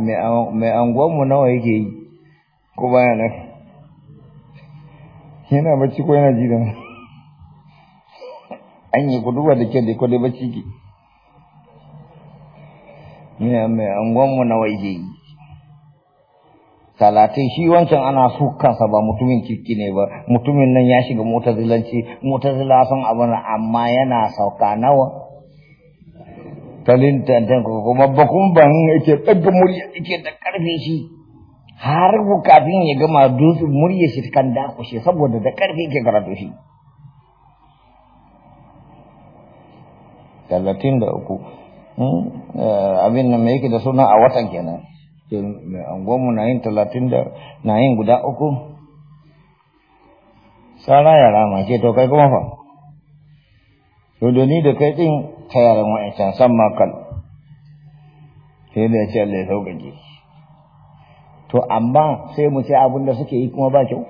mai anguwan mu nawa yake yi ko baya nan yana bacci ko yana ji an yi kuduwa da kyau da ko dai bacci ki mai angonmu na waje talatin shi wancan ana su kansa ba mutumin kirki ne ba mutumin nan ya shiga mutazilanci mutazila sun abin amma yana sauka nawa talintantan kuma bakun ban yake ɗaga murya yake da ƙarfi shi har kafin ya gama dutsen murya shi kan dakushe saboda da ƙarfi yake karatu shi talatin da uku abin nan mai yake da suna a watan kenan angonmu na yin talatin da na yin guda uku sara yara ma ce to kai kuma fa ni da kai din ta yaran wa'ancan san makal sai da ya ce Allah ya sauƙaƙe to amma sai mu ce abin da suke yi kuma ba kyau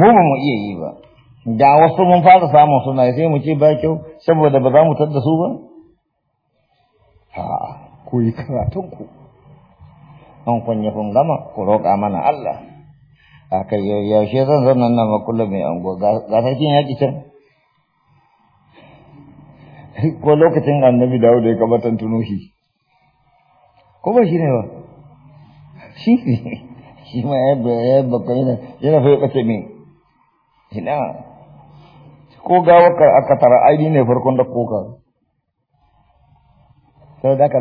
mu ba mu iya yi ba da wasu mun fara samun suna sai mu ce ba kyau saboda ba za mu tadda su ba a'a ku yi karatunku an kun yi kun gama ku roƙa mana Allah a kai yaushe zan zauna na makullum mai ango ga sarkin yaƙi can ko lokacin annabi dawo da eh, ya kamata tuno shi ko ba shi ne ba shi ne shi ma ya bakwai yana fa ya kace min ina ko gawar aka tara aini ne farkon da koka sai da in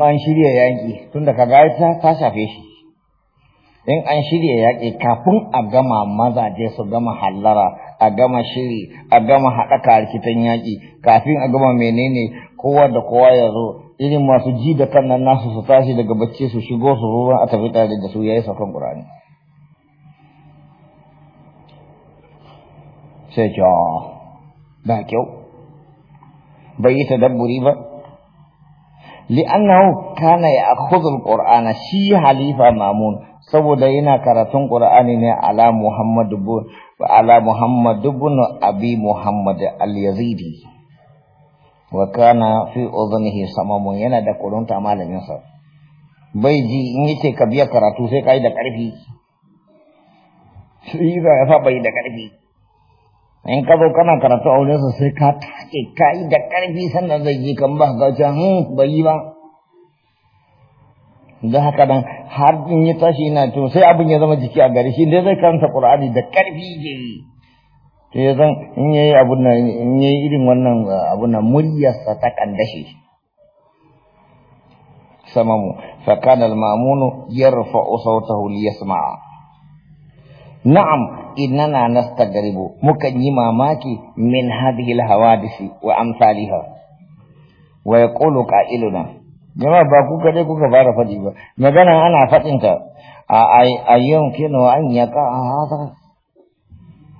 an shirya yaƙi tun da kaga ta ta shafe shi in an shirya yaƙi kafin a gama mazaje su gama hallara a gama shiri a gama haɗaka rikitan yaƙi kafin a gama menene kowa da kowa ya zo irin masu ji da kan nasu su tashi daga bacci su shigo su ruwa a tafi tare da su yayi saukan ƙur'ani sai ah, ba kyau bai yi tadabburi ba li'annahu kana a al-qur'ana shi halifa mamun saboda yana karatun qur'ani ne ala muhammad ibn wa ala muhammad ibn abi muhammad al-yazidi wa kana fi udhnihi samamun yana da kurunta malamin sa bai ji in yace ka biya karatu sai kai da karfi shi ba ya fa bai da karfi in ka zo kana karatu a wurinsa sai ka take ka yi da ƙarfi sannan zai yi kan ba ka gauce yi ba da haka nan har in ya tashi yana to sai abin ya zama jiki a gari shi dai zai karanta qur'ani da ƙarfi ke yi to ya zan in yayi abun nan in yayi irin wannan uh, abun nan muryarsa ta kandashe samamu fa kana al-ma'munu yarfa'u sawtahu liyasma'a na'am innana nastagribu mukan yi mamaki min hadhihi alhawadisi wa amsalha wa yaqulu qa'iluna jama'a ba ku kadai kuka fara faɗi ba magana ana faɗin ta a ayyun kino an a hada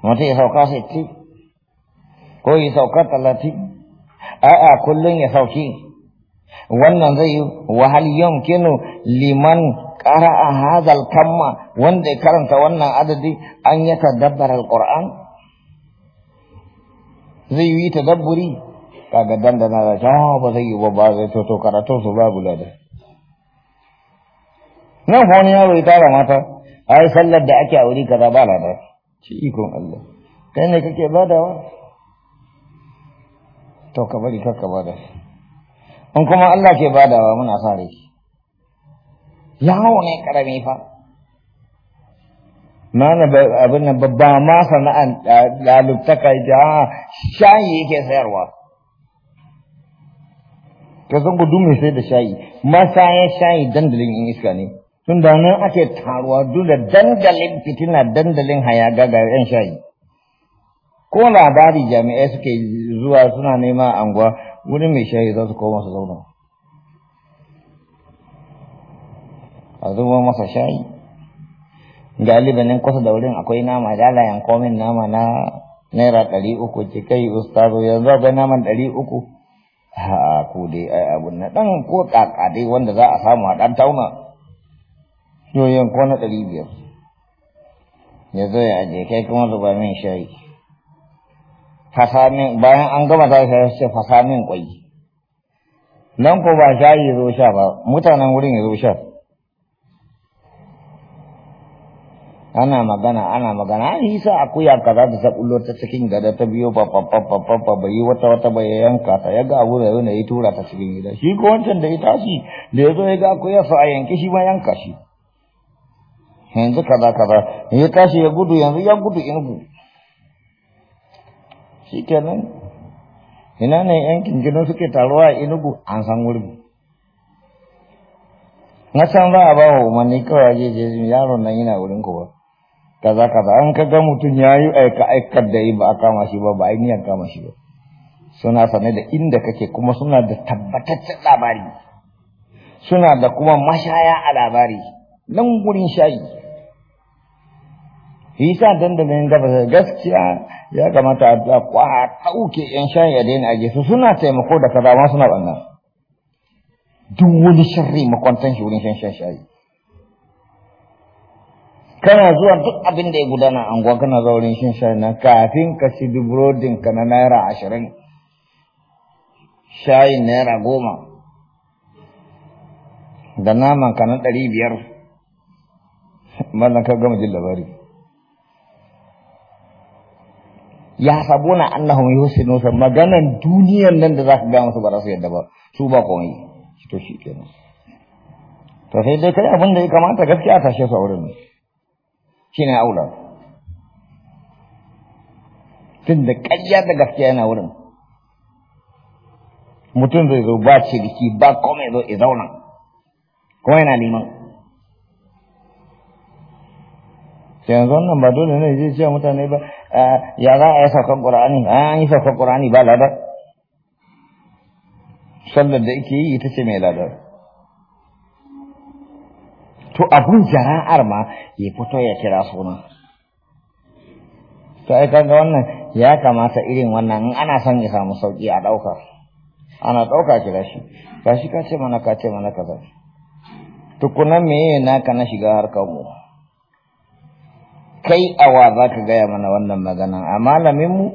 mata ya sauka sai ti ko ya sauka a a kullun ya sauki wannan zai wahal yumkinu liman qara'a hadhal kamma wanda ya karanta wannan adadi an ya tadabbara alquran zai yi tadabburi kaga dandana da ta ba zai yi ba ba zai to to karatu su babu lada nan fa wani yaro ya tara mata ai sallar da ake aure kaza ba lada ci ikon Allah kai ne kake badawa to ka bari ka bada in kuma Allah ke badawa muna sa rai yawo ne karami fa mana abin nan babba ma sana'an ɗalibtaka ita shayi yake sayarwa ka san gudu mai sai da shayi masayan shayi dandalin in iska ne Tunda da nan ake taruwa duk da dandalin fitina dandalin hayaga ga yan shayi ko labari jami'ai suke zuwa suna nema anguwa wurin mai shayi za su koma su zauna a zuba masa shayi nan kusa da wurin akwai nama dalayan komin nama na naira ɗari uku ce kai ustazo yanzu akwai nama ɗari uku ha ku dai ai abun na ɗan ko ƙaƙa dai wanda za a samu a ɗan tauna yoyin ko na ɗari biyar ya zo ya aje kai kuma zuba min shayi fasamin bayan an gama ta ce fasamin kwai nan ko ba shayi zo sha ba mutanen wurin ya zo sha ana magana ana magana an sa akuya kaza da sa kullo ta cikin gada ta biyo ba ba ba ba ba ba yi wata wata ba yanka ta yaga abu da yana yi tura ta cikin gida shi ko wancan da ya tashi da ya zo ya ga akuya sa a yanke shi ma yanka shi yanzu kaza kaza ya tashi ya gudu yanzu ya gudu inugu shi kenan ina ne yankin gidan suke taruwa a inugu an san wurin na san za a ba wa umarni kawai je yaron nan yana wurin ku ba kaza kaza an ka ga mutum ya yi aika aikar da yi ba a kama shi ba ba a yi kama shi ba suna sane da inda kake kuma suna da tabbataccen labari suna da kuma mashaya a labari nan gurin shayi hisa dandalin gaba gaskiya ya kamata a kwa ɗauke yan shayi a daina aje su suna taimako da kaza ma suna ɓanna duk wani sharri makwantan shi wurin shan shayi kana zuwa duk abin da ya gudana a anguwa kana wurin shin shayi na kafin ka ci burodin ka na naira ashirin shayin naira goma da naman ka na ɗari biyar mallan ka gama jin labari ya sabona annahum yuhsinu sa maganan duniyan nan da ka ga musu ba za su yadda ba su ba shi to shi kenan to sai dai kai abin da ya kamata gaskiya tashe su a wurin ne shine aula tun da ƙarya da gaskiya yana wurin mutum zai zo ba da ba kome zo ya zauna kuma yana neman yanzu wannan ba dole ne zai cewa mutane ba ya za a yi sassan ƙura'ani a yi sassan ƙura'ani ba ladar sallar da ike yi ita ce mai ladar to abun jara'ar ma ya fito ya kira suna to ai kanga wannan ya kamata irin wannan in ana son ya samu sauki a ɗauka ana ɗauka kira shi ba shi ka ce mana ka ce mana kaza tukunan meye naka na shiga harkar mu kai awa za ka gaya mana wannan magana a malamin mu.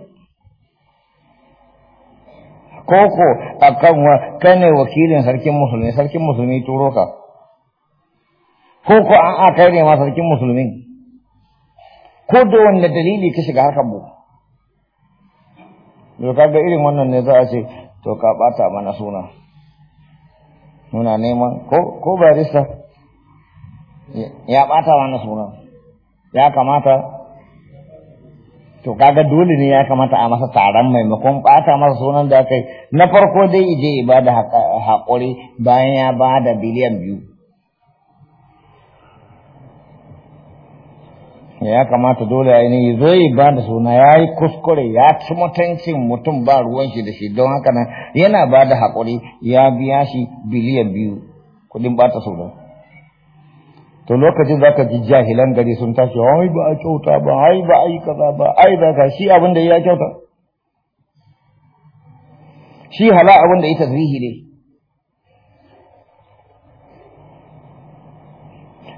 koko a kan wa kai ne wakilin sarkin musulmi sarkin musulmi turo ka ko ko an a kai ne ma sarkin musulmin ko da wanda dalili ka shiga harkar mu to kaga irin wannan ne za a ce to ka bata mana suna muna neman ko ko barista ya bata mana suna ya kamata to kaga dole ne ya kamata a masa taron maimakon bata masa sunan da aka yi na farko dai ije da haƙuri bayan ya ba da biliyan biyu ya kamata dole ainihi zai ba da suna ya yi kuskure ya ci mutuncin mutum ba ruwan shi da shi don haka nan yana ba da haƙuri ya biya shi biliyan biyu kuɗin ba ta suna to lokacin za ka ji jahilan gari sun tashi ai ba a kyauta ba ai ba a yi kaza ba ai ba ka shi abin da ya kyauta shi hala abin da ya tasbihi ne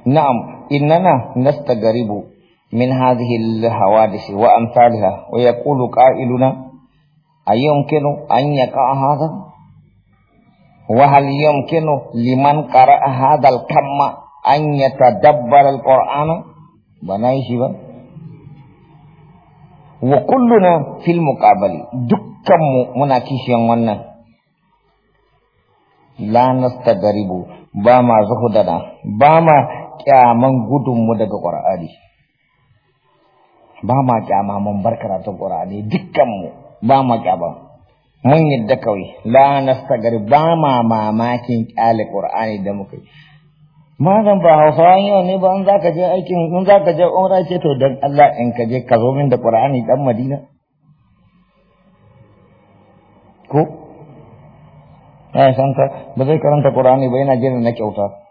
na'am innana nastagaribu من هذه الحوادث وأمثالها ويقول قائلنا أيمكن أن يقع هذا؟ وهل يمكن لمن قرأ هذا الكم أن يتدبر القرآن؟ بنايشبا وكلنا في المقابل دكم مناكيش يومنا لا نستغرب بما زهدنا بما كامن قدم مدد قرآني ba ma kyama mun bar karatu Qur'ani dukkanmu ba ma kyama mun yadda kawai la nastagar ba ma mamakin kyale Qur'ani da muka yi zan ba Hausawa yau ne ba in za ka je aikin in za ka je umra ce to dan Allah in ka je ka zo min da Qur'ani dan Madina ko ya san ka ba zai karanta Qur'ani ba yana jira na kyauta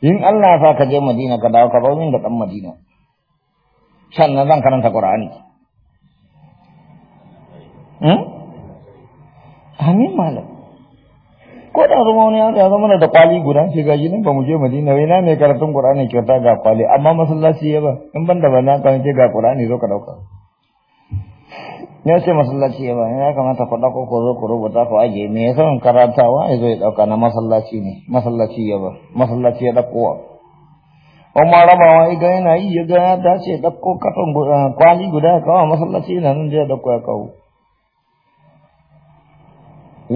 in Allah ya sa ka je Madina ka dawo ka zo min da dan Madina sannan zan karanta Qur'ani hmm amin malam ko da zama wani ya zama da kwali guda ce gaji nan ba mu je Madina wai na mai karatun Qur'ani kyauta ga kwali amma masallaci ya ba in ban da ba na kan ce ga Qur'ani zo ka dauka ya ce masallaci ya ba ya kamata ku dauko ko zo ku rubuta ko aje me yasa karantawa ya zo ya dauka na masallaci ne masallaci ya ba masallaci ya dauko amma rabawa ya ga yana yi ya ga ya dace ɗauko katon kwali guda ya kawo masallaci na nan jiya ɗauko ya kawo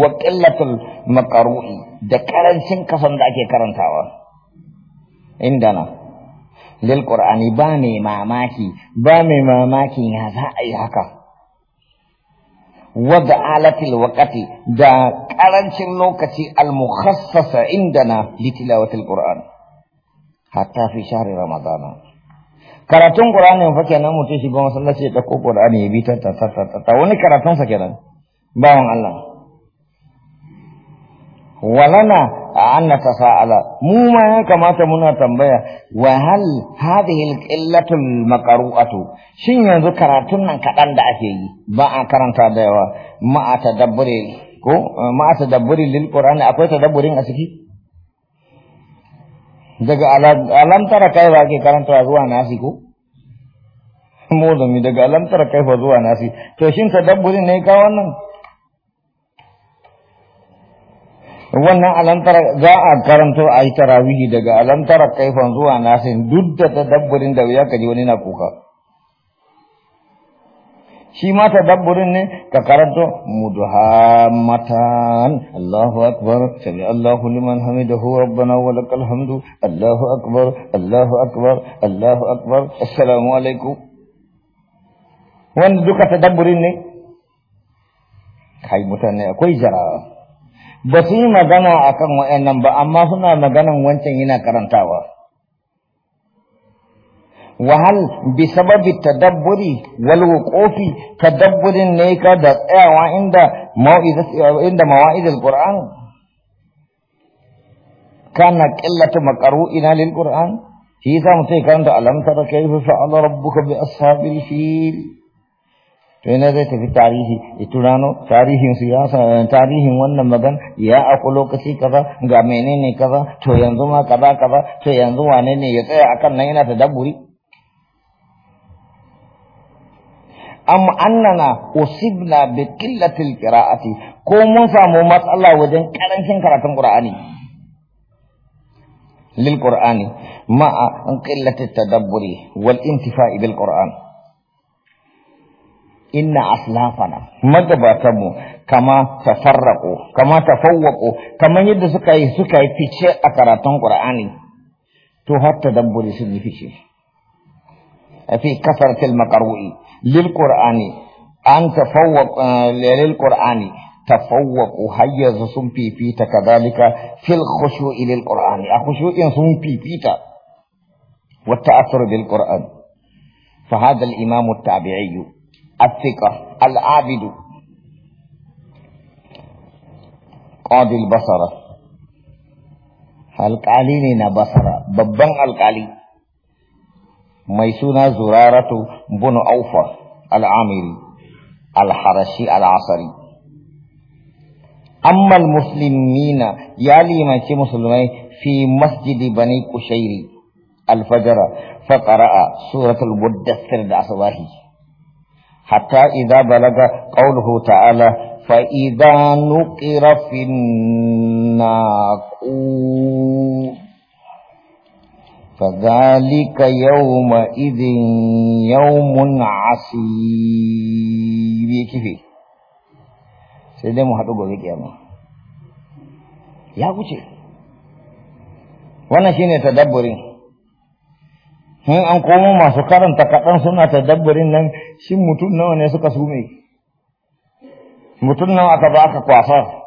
wa qillatul maqru'i da karancin kasan da ake karantawa indana lil qur'ani ba mai mamaki ba mai mamaki ya za a yi haka wadda alatil waqati da karancin lokaci al mukhassasa indana li tilawatil qur'ani hatta fi shahri ramadana karatun qur'anin fa kenan mutum shi ba masallaci ya dauko qur'ani ya bi ta ta ta ta wani karatun sa kenan bawan Allah walana an natasa'ala mu ma ya kamata muna tambaya wa hal hadhihi al-qillatu al-maqru'atu shin yanzu karatun nan kadan da ake yi ba a karanta da yawa ma a tadabburi ko eh, ma tadabburi lil qur'ani akwai tadabburin a ciki daga alamtara kaifa ke karanta zuwa nasi ko mozami daga alamtara kaifa zuwa nasi to shin tadabburin ne ka wannan wannan alamtara za a karanto a yi tarawihi daga alamtara kaifan zuwa nasi duk da tadabburin da ya kaji wani na kuka shi ma tadabburin ne ka karanto mudhammatan Allahu akbar sami Allahu liman hamidahu rabbana wa lakal hamdu Allahu akbar Allahu akbar Allahu akbar assalamu alaikum wanda duka tadabburin ne kai mutane akwai jara ba su yi magana akan wa'annan ba amma suna maganan wancan yana karantawa وهل بسبب التدبر والوقوف تدبر نيكا دقع وعند موعظة عند مواعظ القرآن كان قلة مقروئنا للقرآن في ثامتي كان ألم ترى كيف فعل ربك بأصحاب الفيل وين ذات في تاريخ اتنانو تاريخ سياسة تاريخ وانا مدن يا أقولو كسي كذا غامينيني كذا تو يندوما كذا كذا تو يندوما نيني يتعقن نينا تدبري am annana usibna bi qillatil qira'ati ko mun samu matsala wajen karancin karatun qur'ani lil qur'ani ma'a qillatit tadabburi wal intifa'i bil qur'an inna aslafana magabatanmu kama tafarraqu kama tafawwaqu kama yadda suka yi suka yi fice a karatun qur'ani to har dabburi sun yi fice fi kasaratil maqru'i للقرآن أن تفوق آه، للقرآن تفوق هيا زسم بيبيتا كذلك في الخشوع للقرآن الخشوع ينسم بيبيتا والتأثر بالقرآن فهذا الإمام التابعي الثقة العابد قاضي البصرة alƙali بصرة ببن القليل ميسونا زرارة بن أوفا العامري الحرشي العصري أما المسلمين يالي من شي مسلمين في مسجد بني كشيري الفجر فقرأ سورة المدثر الأصباحي حتى إذا بلغ قوله تعالى فإذا نقر في الناقور فذلك يومئذ يوم عصيب كيفي mu محمد gobe kiyama ya wuce wannan shine tadabburin in an komo masu karanta kaɗan suna tadabburin nan shin mutum nawa ne suka sume mutum nawa aka ba aka kwasar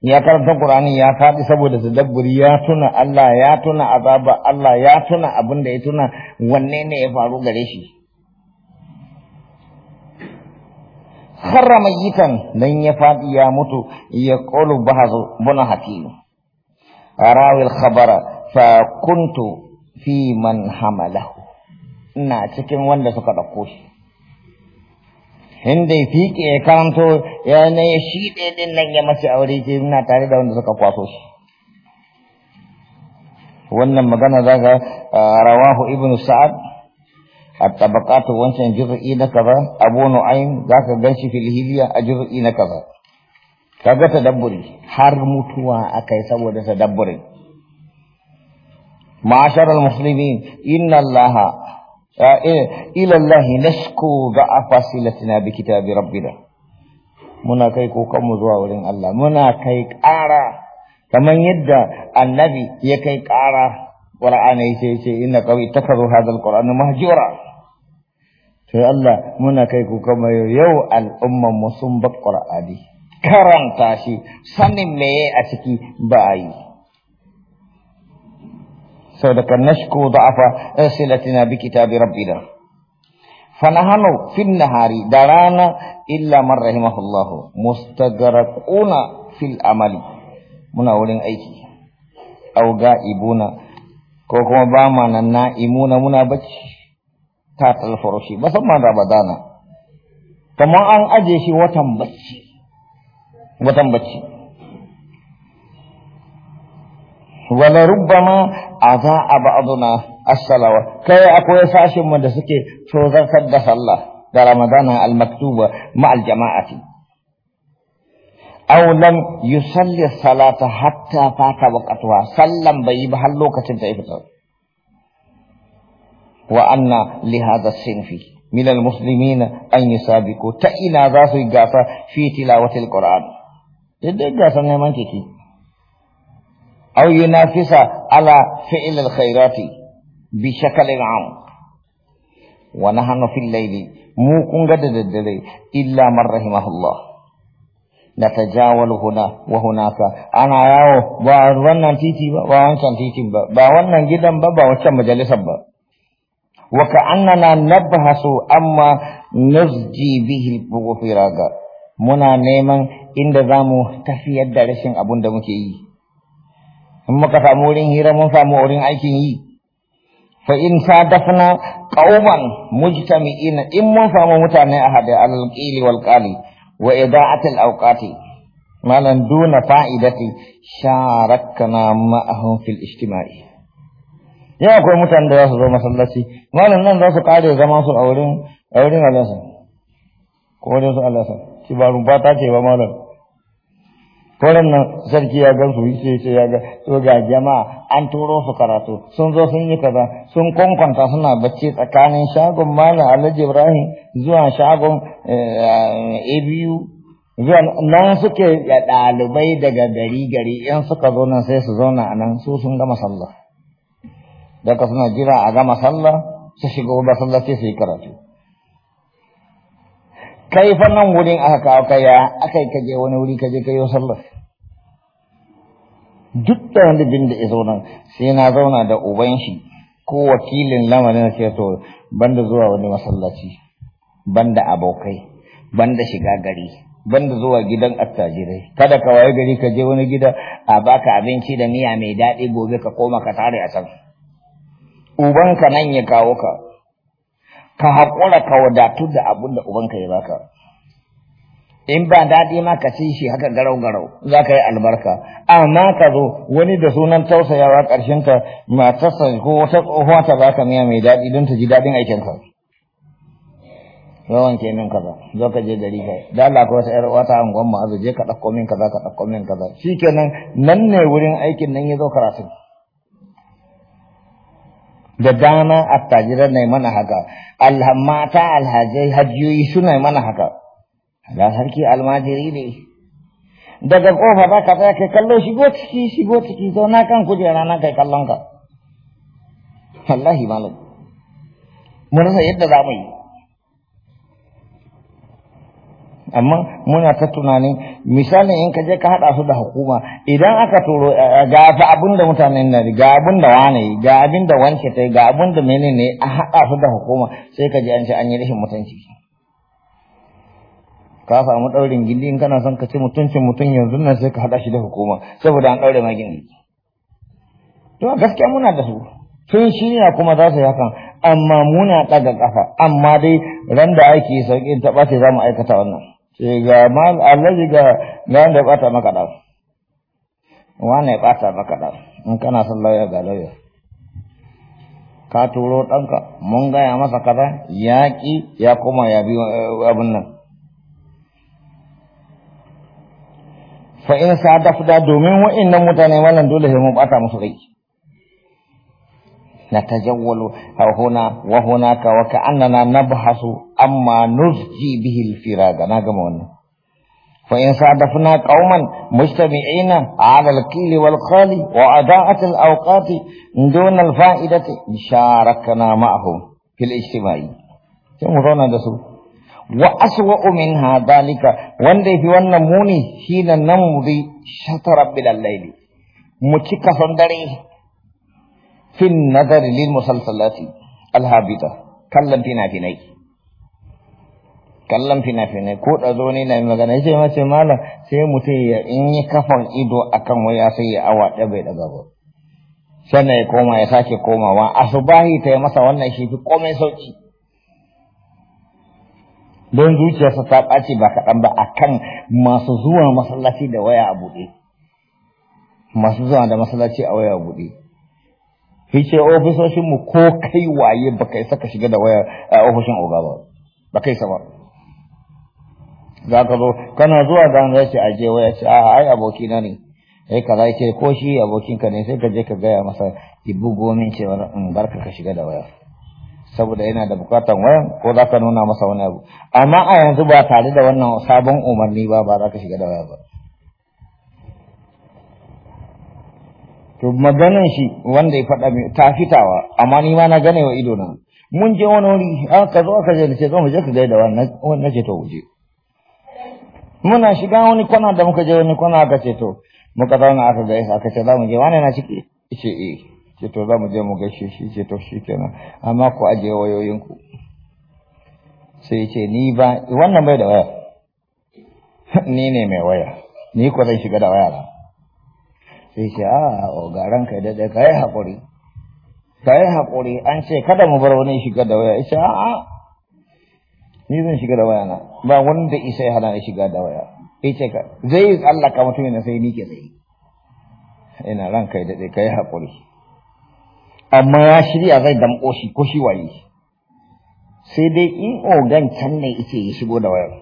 ya karanta Qur'ani ya faɗi saboda tadabburi ya tuna Allah ya tuna azaba Allah ya tuna abin da ya tuna wanne ne ya faru gare shi harra yitan dan ya faɗi ya mutu ya qulu bahazu buna hakim rawi khabara fa kuntu fi man hamalahu ina cikin wanda suka dauko shi inda ya fiƙe ya karanto ya ne shi ɗaiɗin nan ya mace aure ke muna tare da wanda suka kwaso shi wannan magana za ga rawahu ibnu sa'ad a tabbatar wancan juz'i na kaza abu nu'aym za ka ganshi shi hiliya a juz'i na kaza kaga tadabburi har mutuwa akai saboda tadabburi ma'asharal Musulmi inna allaha Eh, ila Allah nasku da'afa silatina bi kitabi rabbina muna kai kokan mu zuwa wurin Allah muna kai ƙara kamar yadda annabi ya kai ƙara qur'ana yace yace inna qawi takaru hadha alqur'ana mahjura sai Allah muna kai kuka mu yau al'umman mu sun bar Qur'ani karanta shi sanin me a ciki ba yi sau da saudaka nashku da'afa silatina bi kitabi rabbina fanahanu fin nahari darana illa man rahimahullahu mustagarakuna fil amali muna wurin aiki au ga'ibuna ko kuma ba ma nan na'imuna muna bacci ta talfarushi musamman ramadana kuma an aje shi watan bacci watan bacci wala أضاء بعضنا الصلاة كي أكو ساشم من دسكي توزر كدس الله رمضان المكتوبة مع الجماعة أو لم يصلي الصلاة حتى فات وقتها سلم بيب هلوكة تيفتر وأن لهذا الصنف من المسلمين أن يسابقوا تأينا ذا الجافة في تلاوة القرآن. Jadi سنة mana أو ينافس على فعل الخيرات بشكل عام ونحن في الليل مو قد الدليل إلا من رحمه الله نتجاول هنا وهناك أنا ياو بأروانا تيتي بأروانا تيتي بأروانا جدا بأروانا مجالسا وكأننا نبحث أما نزجي به البغفراغ منا نيما إن دامو تفيد درسين أبون دمكي in muka samu wurin hira mun samu wurin aikin yi fa in sadafna qauman mujtami'ina in mun samu mutane a hada al-qili wal qali wa ida'at al-awqati malan duna fa'idati sharakna ma'ahum fil ijtima'i yau akwai mutane da za su zo masallaci malam nan za su kare zama su a wurin a wurin alasa ko wajen su alasa kibarun ba ta ce ba malam koran nan sarki ya gan su yace sai ya ga to ga jama'a an turo su karatu sun zo sun yi kaza sun kwankwanta suna bacci tsakanin shagon malam alhaji ibrahim zuwa shagon eh, abu zuwa nan suke da ɗalibai daga gari gari in suka zo nan sai su zauna a nan su sun gama sallah daga suna jira a gama sallah su shigo ba sallah sai su yi karatu kai fa nan wurin aka kawo kai ya akai ka je wani wuri ka je kai sallar duk bin da ya zo nan sai na zauna da uban shi ko wakilin lamarin sai to banda zuwa wani masallaci banda abokai banda shiga gari banda zuwa gidan attajirai kada ka waye gari ka je wani gida a baka abinci da miya mai daɗi gobe ka koma ka tare a can ka nan ya kawo ka ka haƙura ka wadatu da abin da ubanka ya baka in ba daɗi ma ka ci shi haka garau garau za ka yi albarka amma ka zo wani da sunan tausayawa ƙarshen ka matarsa ko wata tsohuwa ta ka miya mai daɗi don ta ji daɗin aikin ka yawan kenan kaza zo ka je gari ka da Allah ko wata ƴar wata angon ma je ka ɗauko min kaza ka ɗauko min kaza shikenan nan ne wurin aikin nan ya zo karatu da dama attajiran na mana haka mata alhajai hajjiyoyi suna mana haka ga sarki almajiri ne daga kofa za ka tsaya kai kallo shigo ciki shigo ciki zauna kan kuje rana kai kallon ka wallahi malam mun rasa yadda za mu yi amma muna ta tunani misalin in ka je ka haɗa su da hukuma idan aka turo eh, eh, ga ta abin da mutanen na ga abin da wane ga abin da wance ta ga abin da menene a haɗa su da hukuma sai ka ji an ce an yi rashin mutunci ka samu ɗaurin gindi in kana son ka ci mutuncin mutum yanzu nan sai ka haɗa shi da hukuma saboda an ɗaure ma gindi to gaskiya muna da su tun shi ne kuma za su yi hakan amma muna ɗaga ƙafa amma dai ran da aiki sauƙin taɓa ce za mu aikata wannan Eh, ga mal allazi ga ga da bata maka da wane bata maka da in kana son lauya ga lauya ka turo ɗanka mun gaya masa kaza ya ya koma ya bi eh, abin nan fa in sa da domin wa'annan mutane wannan dole sai mu bata musu rai نتجول هنا وهناك وكأننا نبحث أما نزجي به الفراد ناقمون فإن صادفنا قوما مجتمعين على الكيل والقال وأداءة الأوقات دون الفائدة شاركنا معهم في الاجتماع وأسوأ منها ذلك وندي في ونموني حين نمضي شطر بلا الليل متشكة صندري fin nazari lil musalsalati alhabita kallan fina-finai, kallon fina-finai ko da zo ne na yi magana yace ce mace malam sai mutum ya in yi kafan ido akan waya sai ya awa ɗaya bai daga ba sannan ya koma ya sake komawa asubahi ta yi masa wannan shi fi komai sauki don zuciyarsa ta ɓaci ba kaɗan ba akan masu zuwa masallaci da waya a buɗe masu zuwa da masallaci a waya a buɗe ce ofisoshinmu ko kai waye ba kai saka shiga da waya a ofishin oga ba, ba kai saba. Za ka zo, kana zuwa gano ya ce aje waya ce, a ai aboki na ne, sai ka zai ko shi abokinka ne sai ka je ka gaya masa ki bugo min cewa in mm, barka ka shiga da waya. Saboda yana da bukatan wayan ko za ka nuna masa wani abu. Amma a yanzu ba tare da wannan sabon umarni ba ba za ka shiga da waya ba. to maganan shi wanda ya faɗa mai ta fitawa amma ni ma na gane wa ido na mun je wani wuri ka zo ka je da ce zo mu je ka gaida wannan ce to wuje muna shiga wani kwana da muka je wani kwana aka ce to muka zauna aka gaisa aka ce za mu je wani na ciki ce eh ce to za mu je mu gaishe shi ce to shi kenan amma ku ajiye wayoyinku sai ce ni ba wannan bai da waya ni ne mai waya ni ko zan shiga da waya na sai ce a ah, oh, ga kai da ka yi kai ka yi an ce kada mu bar wani shiga da waya ita a ni zan shiga da waya na ba wanda isa ya hana ni shiga da waya ce ka zai yi tsallaka mutum ne sai ni ke zai ina ran kai da ka yi amma ya shirya zai damƙo shi ko shi waye sai dai in ogan can ne yake ya shigo da wayar.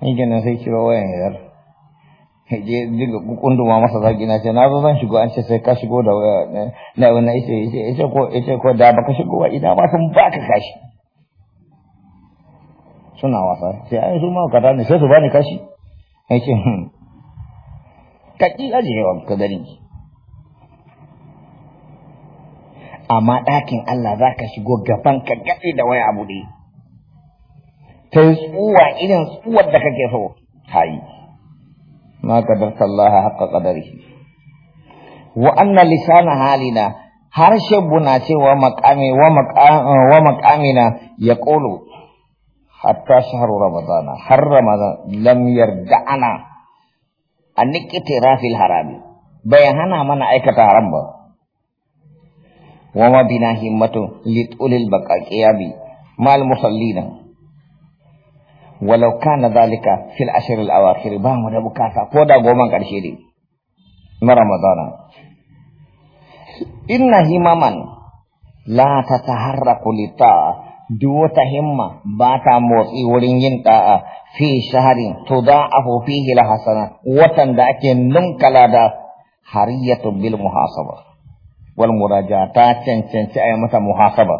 Ni kenan sai wayan yar. je diga kunduma masa zagi na ce na zo zan shigo an ce sai ka shigo da na wani ice ice ice ko ice ko da baka shigo wa ina ma sun baka kashi suna wasa sai ai su ma ka ne sai su bani kashi ai ce hmm ka ki aje wa ka gani amma ɗakin Allah za ka shigo gaban ka gaɗe da waya abu ɗaya ta tsuwa irin tsuwar da kake so ta ما قدرت الله حق قدره وأن لسان حالنا هرش بناتي ومقامي ومقامنا يقول حتى شهر رمضان حر رمضان لم يرجعنا أن نكتر في الحرام بيهانا من أيكة حرام وما بنا همة لتقول البقاء كيابي مع المصلين ولو كان ذلك في العشر الأواخر بام ده بكاتا كودا غومان كرشي ما رمضان إن همما لا تتحرك لطاعة دو همة باتا موسي ولين طاعة في شهر تضاعف فيه لحسنة وطن دا أكي ننكلا دا حرية بالمحاسبة والمراجعة تنشنش أي متى محاسبة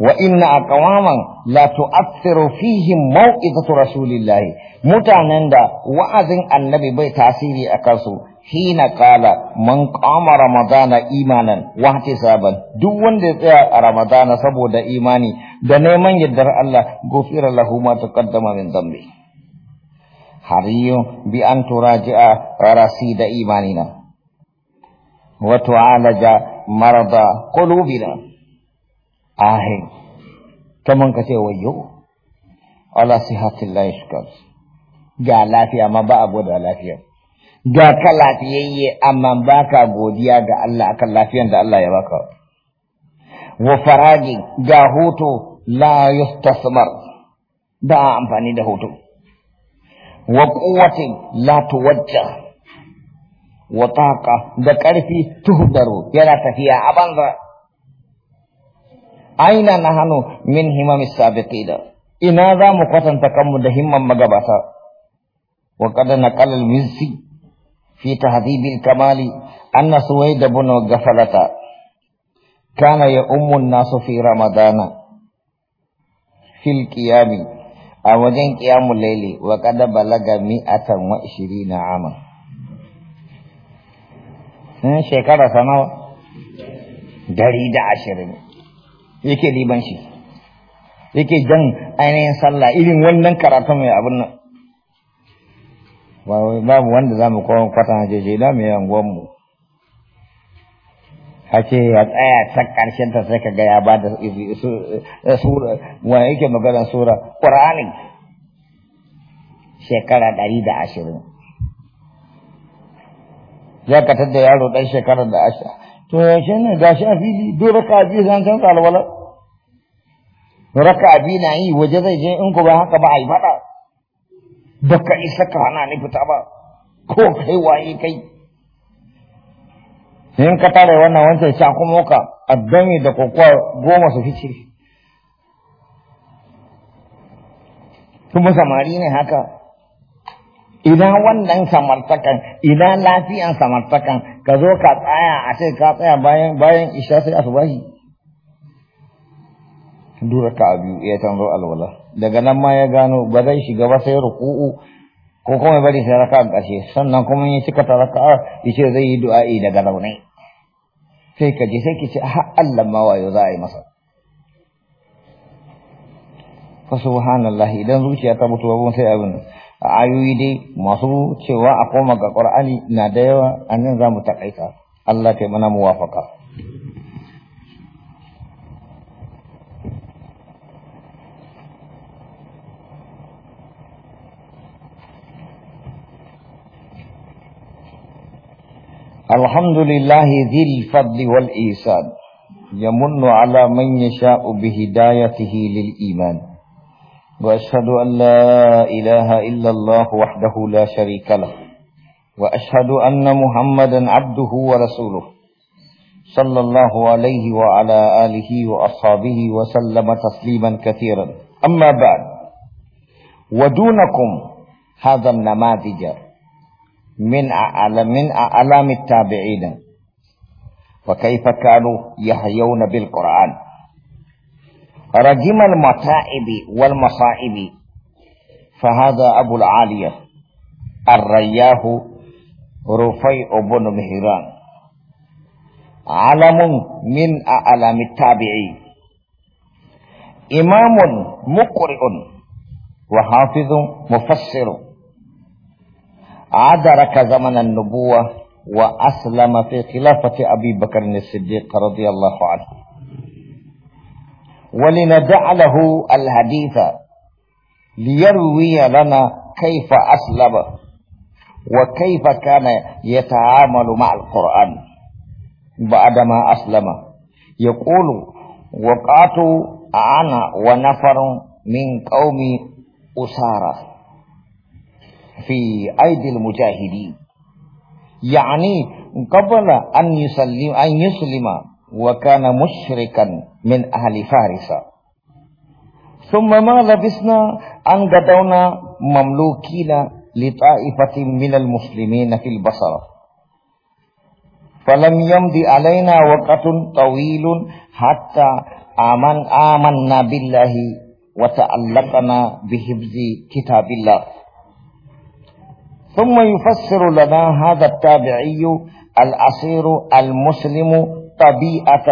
وإن أقواما لا تؤثر فيهم موئدة رسول الله متعنن دا وعزن النبي بي تأثيري أكاسو حين قال من قام رمضان إيمانا واحتسابا دون دي رمضان سبو دا إيماني دا نيمان يدر الله غفر له ما تقدم من ذنبه حري بأن تراجع رسيد إيماننا وتعالج مرضى قلوبنا ahin kaman ka ce wayo ala sihatin laishkar ga lafiya amma ba a da lafiya ga ka lafiyayye amma ba ka godiya ga Allah akan lafiyan da Allah ya baka wa faraji ga hoto la yustasmar ba amfani da hoto wa kuwati la tuwajja wa taqa da karfi tuhdaru yana tafiya a banza aina nahanu min himamis sabiqina ina za mu kwatanta kanmu da himman magabata wa qad naqala al-mizzi fi tahdhibil kamali anna suwaid ibn ghafalata kana ya ummun nasu fi ramadana fil qiyami a wajen qiyamul laili wa qad balaga mi'atan wa 20 aman hmm, shekara sanawa dari da ashirin yake liban shi yake jan ainihin sallah irin wannan karatu mai abin nan babu wanda za mu kowa kwata jeje da mai yanguwan mu ce ya tsaya ta ƙarshen ta sai ka ga ya ba da sura wa yake magana sura ƙwararri shekara ɗari da ashirin ya katar da yaro ɗan shekara da ashirin to yaushe ne gashi a fili dole ka ji zan canza alwala raka abi na yi waje zai je in ba haka ba a yi faɗa ba ka isa ka hana ni fita ba ko kai waye kai in ka tare wannan wancan sha kuma ka addami da kokowa goma su fice kuma samari ne haka Idan wannan samartakan idan lafiyan samartakan ka zo ka tsaya a ce ka tsaya bayan bayan isha sai asubahi dura ka biyu eh, ya tanzo alwala daga nan ma ya gano ba zai shiga ba sai ruku'u ko kuma bari sai raka'a ƙarshe sannan kuma ya cika ta raka'a yace zai yi du'a'i daga rauni sai ka ji sai ki ce ha Allah ma wayo za a yi masa fa subhanallah idan zuciya ta mutu babu sai abin ayoyi dai masu cewa a koma ga Qur'ani na da yawa anan zamu takaita Allah kai mana muwafaka الحمد لله ذي الفضل والإيسان يمن على من يشاء بهدايته للإيمان وأشهد أن لا إله إلا الله وحده لا شريك له وأشهد أن محمدا عبده ورسوله صلى الله عليه وعلى آله وأصحابه وسلم تسليما كثيرا أما بعد ودونكم هذا النماذج من أعلم من أعلام التابعين وكيف كانوا يحيون بالقرآن رجم المتائب والمصائب فهذا أبو العالية الرياه رفيع بن مهران علم من أعلام التابعين إمام مقرئ وحافظ مفسر عدرك زمن النبوة وأسلم في خلافة أبي بكر الصديق رضي الله عنه ولندع له الحديث ليروي لنا كيف أسلم وكيف كان يتعامل مع القرآن بعدما أسلم يقول وقعت أنا ونفر من قوم أسارة في أيدي المجاهدين يعني قبل أن يسلم, أن يسلم وكان مشركا من أهل فارس ثم ما لبسنا أن قدونا مملوكين لطائفة من المسلمين في البصرة فلم يمضي علينا وقت طويل حتى آمن آمنا بالله وتألقنا بحفظ كتاب الله ثم يفسر لنا هذا التابعي الأصير المسلم طبيعة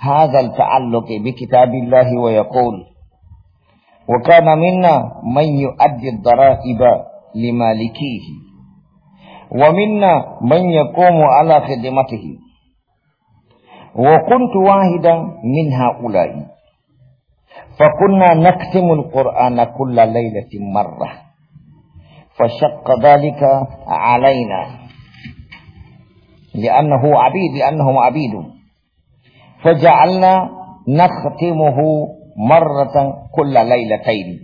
هذا التعلق بكتاب الله ويقول وكان منا من يؤدي الضرائب لمالكيه ومنا من يقوم على خدمته وكنت واحدا من هؤلاء فكنا نكتم القرآن كل ليلة مرة فشق ذلك علينا لأنه عبيد لأنهم عبيد فجعلنا نختمه مرة كل ليلتين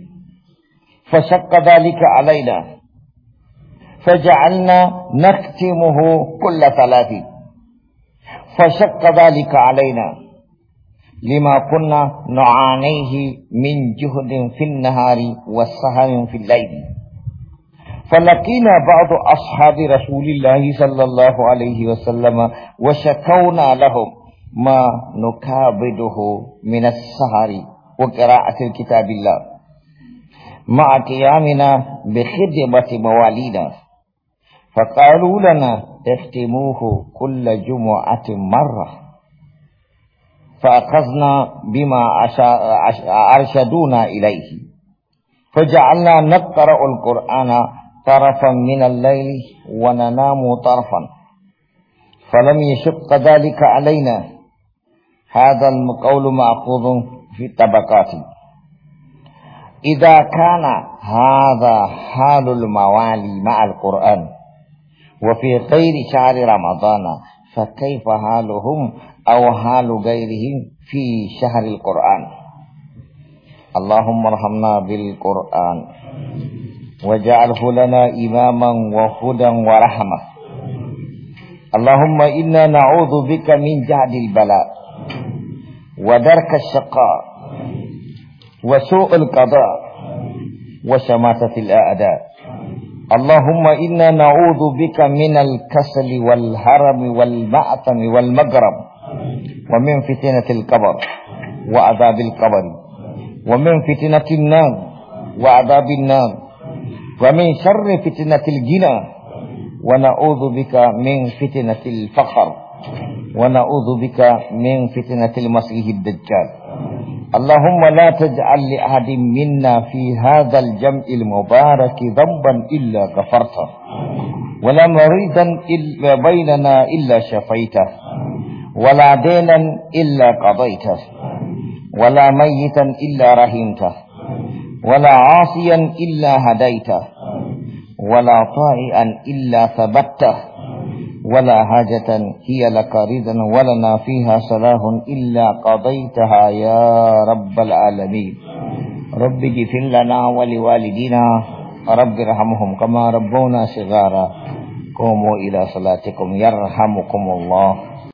فشق ذلك علينا فجعلنا نختمه كل ثلاث فشق ذلك علينا لما كنا نعانيه من جهد في النهار والسهر في الليل فلقينا بعض أصحاب رسول الله صلى الله عليه وسلم وشكونا لهم ما نكابده من السهر وقراءة الكتاب الله مع قيامنا بخدمة موالينا فقالوا لنا اختموه كل جمعة مرة فأخذنا بما أرشدونا إليه فجعلنا نقرأ القرآن طرفا من الليل وننام طرفا فلم يشق ذلك علينا هذا القول مأخوذ في الطبقات إذا كان هذا حال الموالي مع القرآن وفي غير شهر رمضان فكيف حالهم أو حال غيرهم في شهر القرآن اللهم ارحمنا بالقرآن واجعله لنا إماما وهدى ورحمة اللهم إنا نعوذ بك من جعد البلاء ودرك الشقاء وسوء القضاء وشماتة الأعداء اللهم إنا نعوذ بك من الكسل والهرم والمعتم والمقرب ومن فتنة القبر وعذاب القبر ومن فتنة النار وعذاب النار ومن شر فتنة الجنى ونعوذ بك من فتنة الفقر ونعوذ بك من فتنة المسيح الدجال اللهم لا تجعل لأحد منا في هذا الجمع المبارك ذنبا إلا غفرته ولا مريضا إلا بيننا إلا شفيته ولا دينا إلا قضيته ولا ميتا إلا رحمته ولا عاصيا إلا هديته ولا طائعا إلا ثبته ولا حاجة هي لك رضا ولنا فيها صلاح إلا قضيتها يا رب العالمين رب اغفر لنا ولوالدينا رب ارحمهم كما ربونا صغارا قوموا إلى صلاتكم يرحمكم الله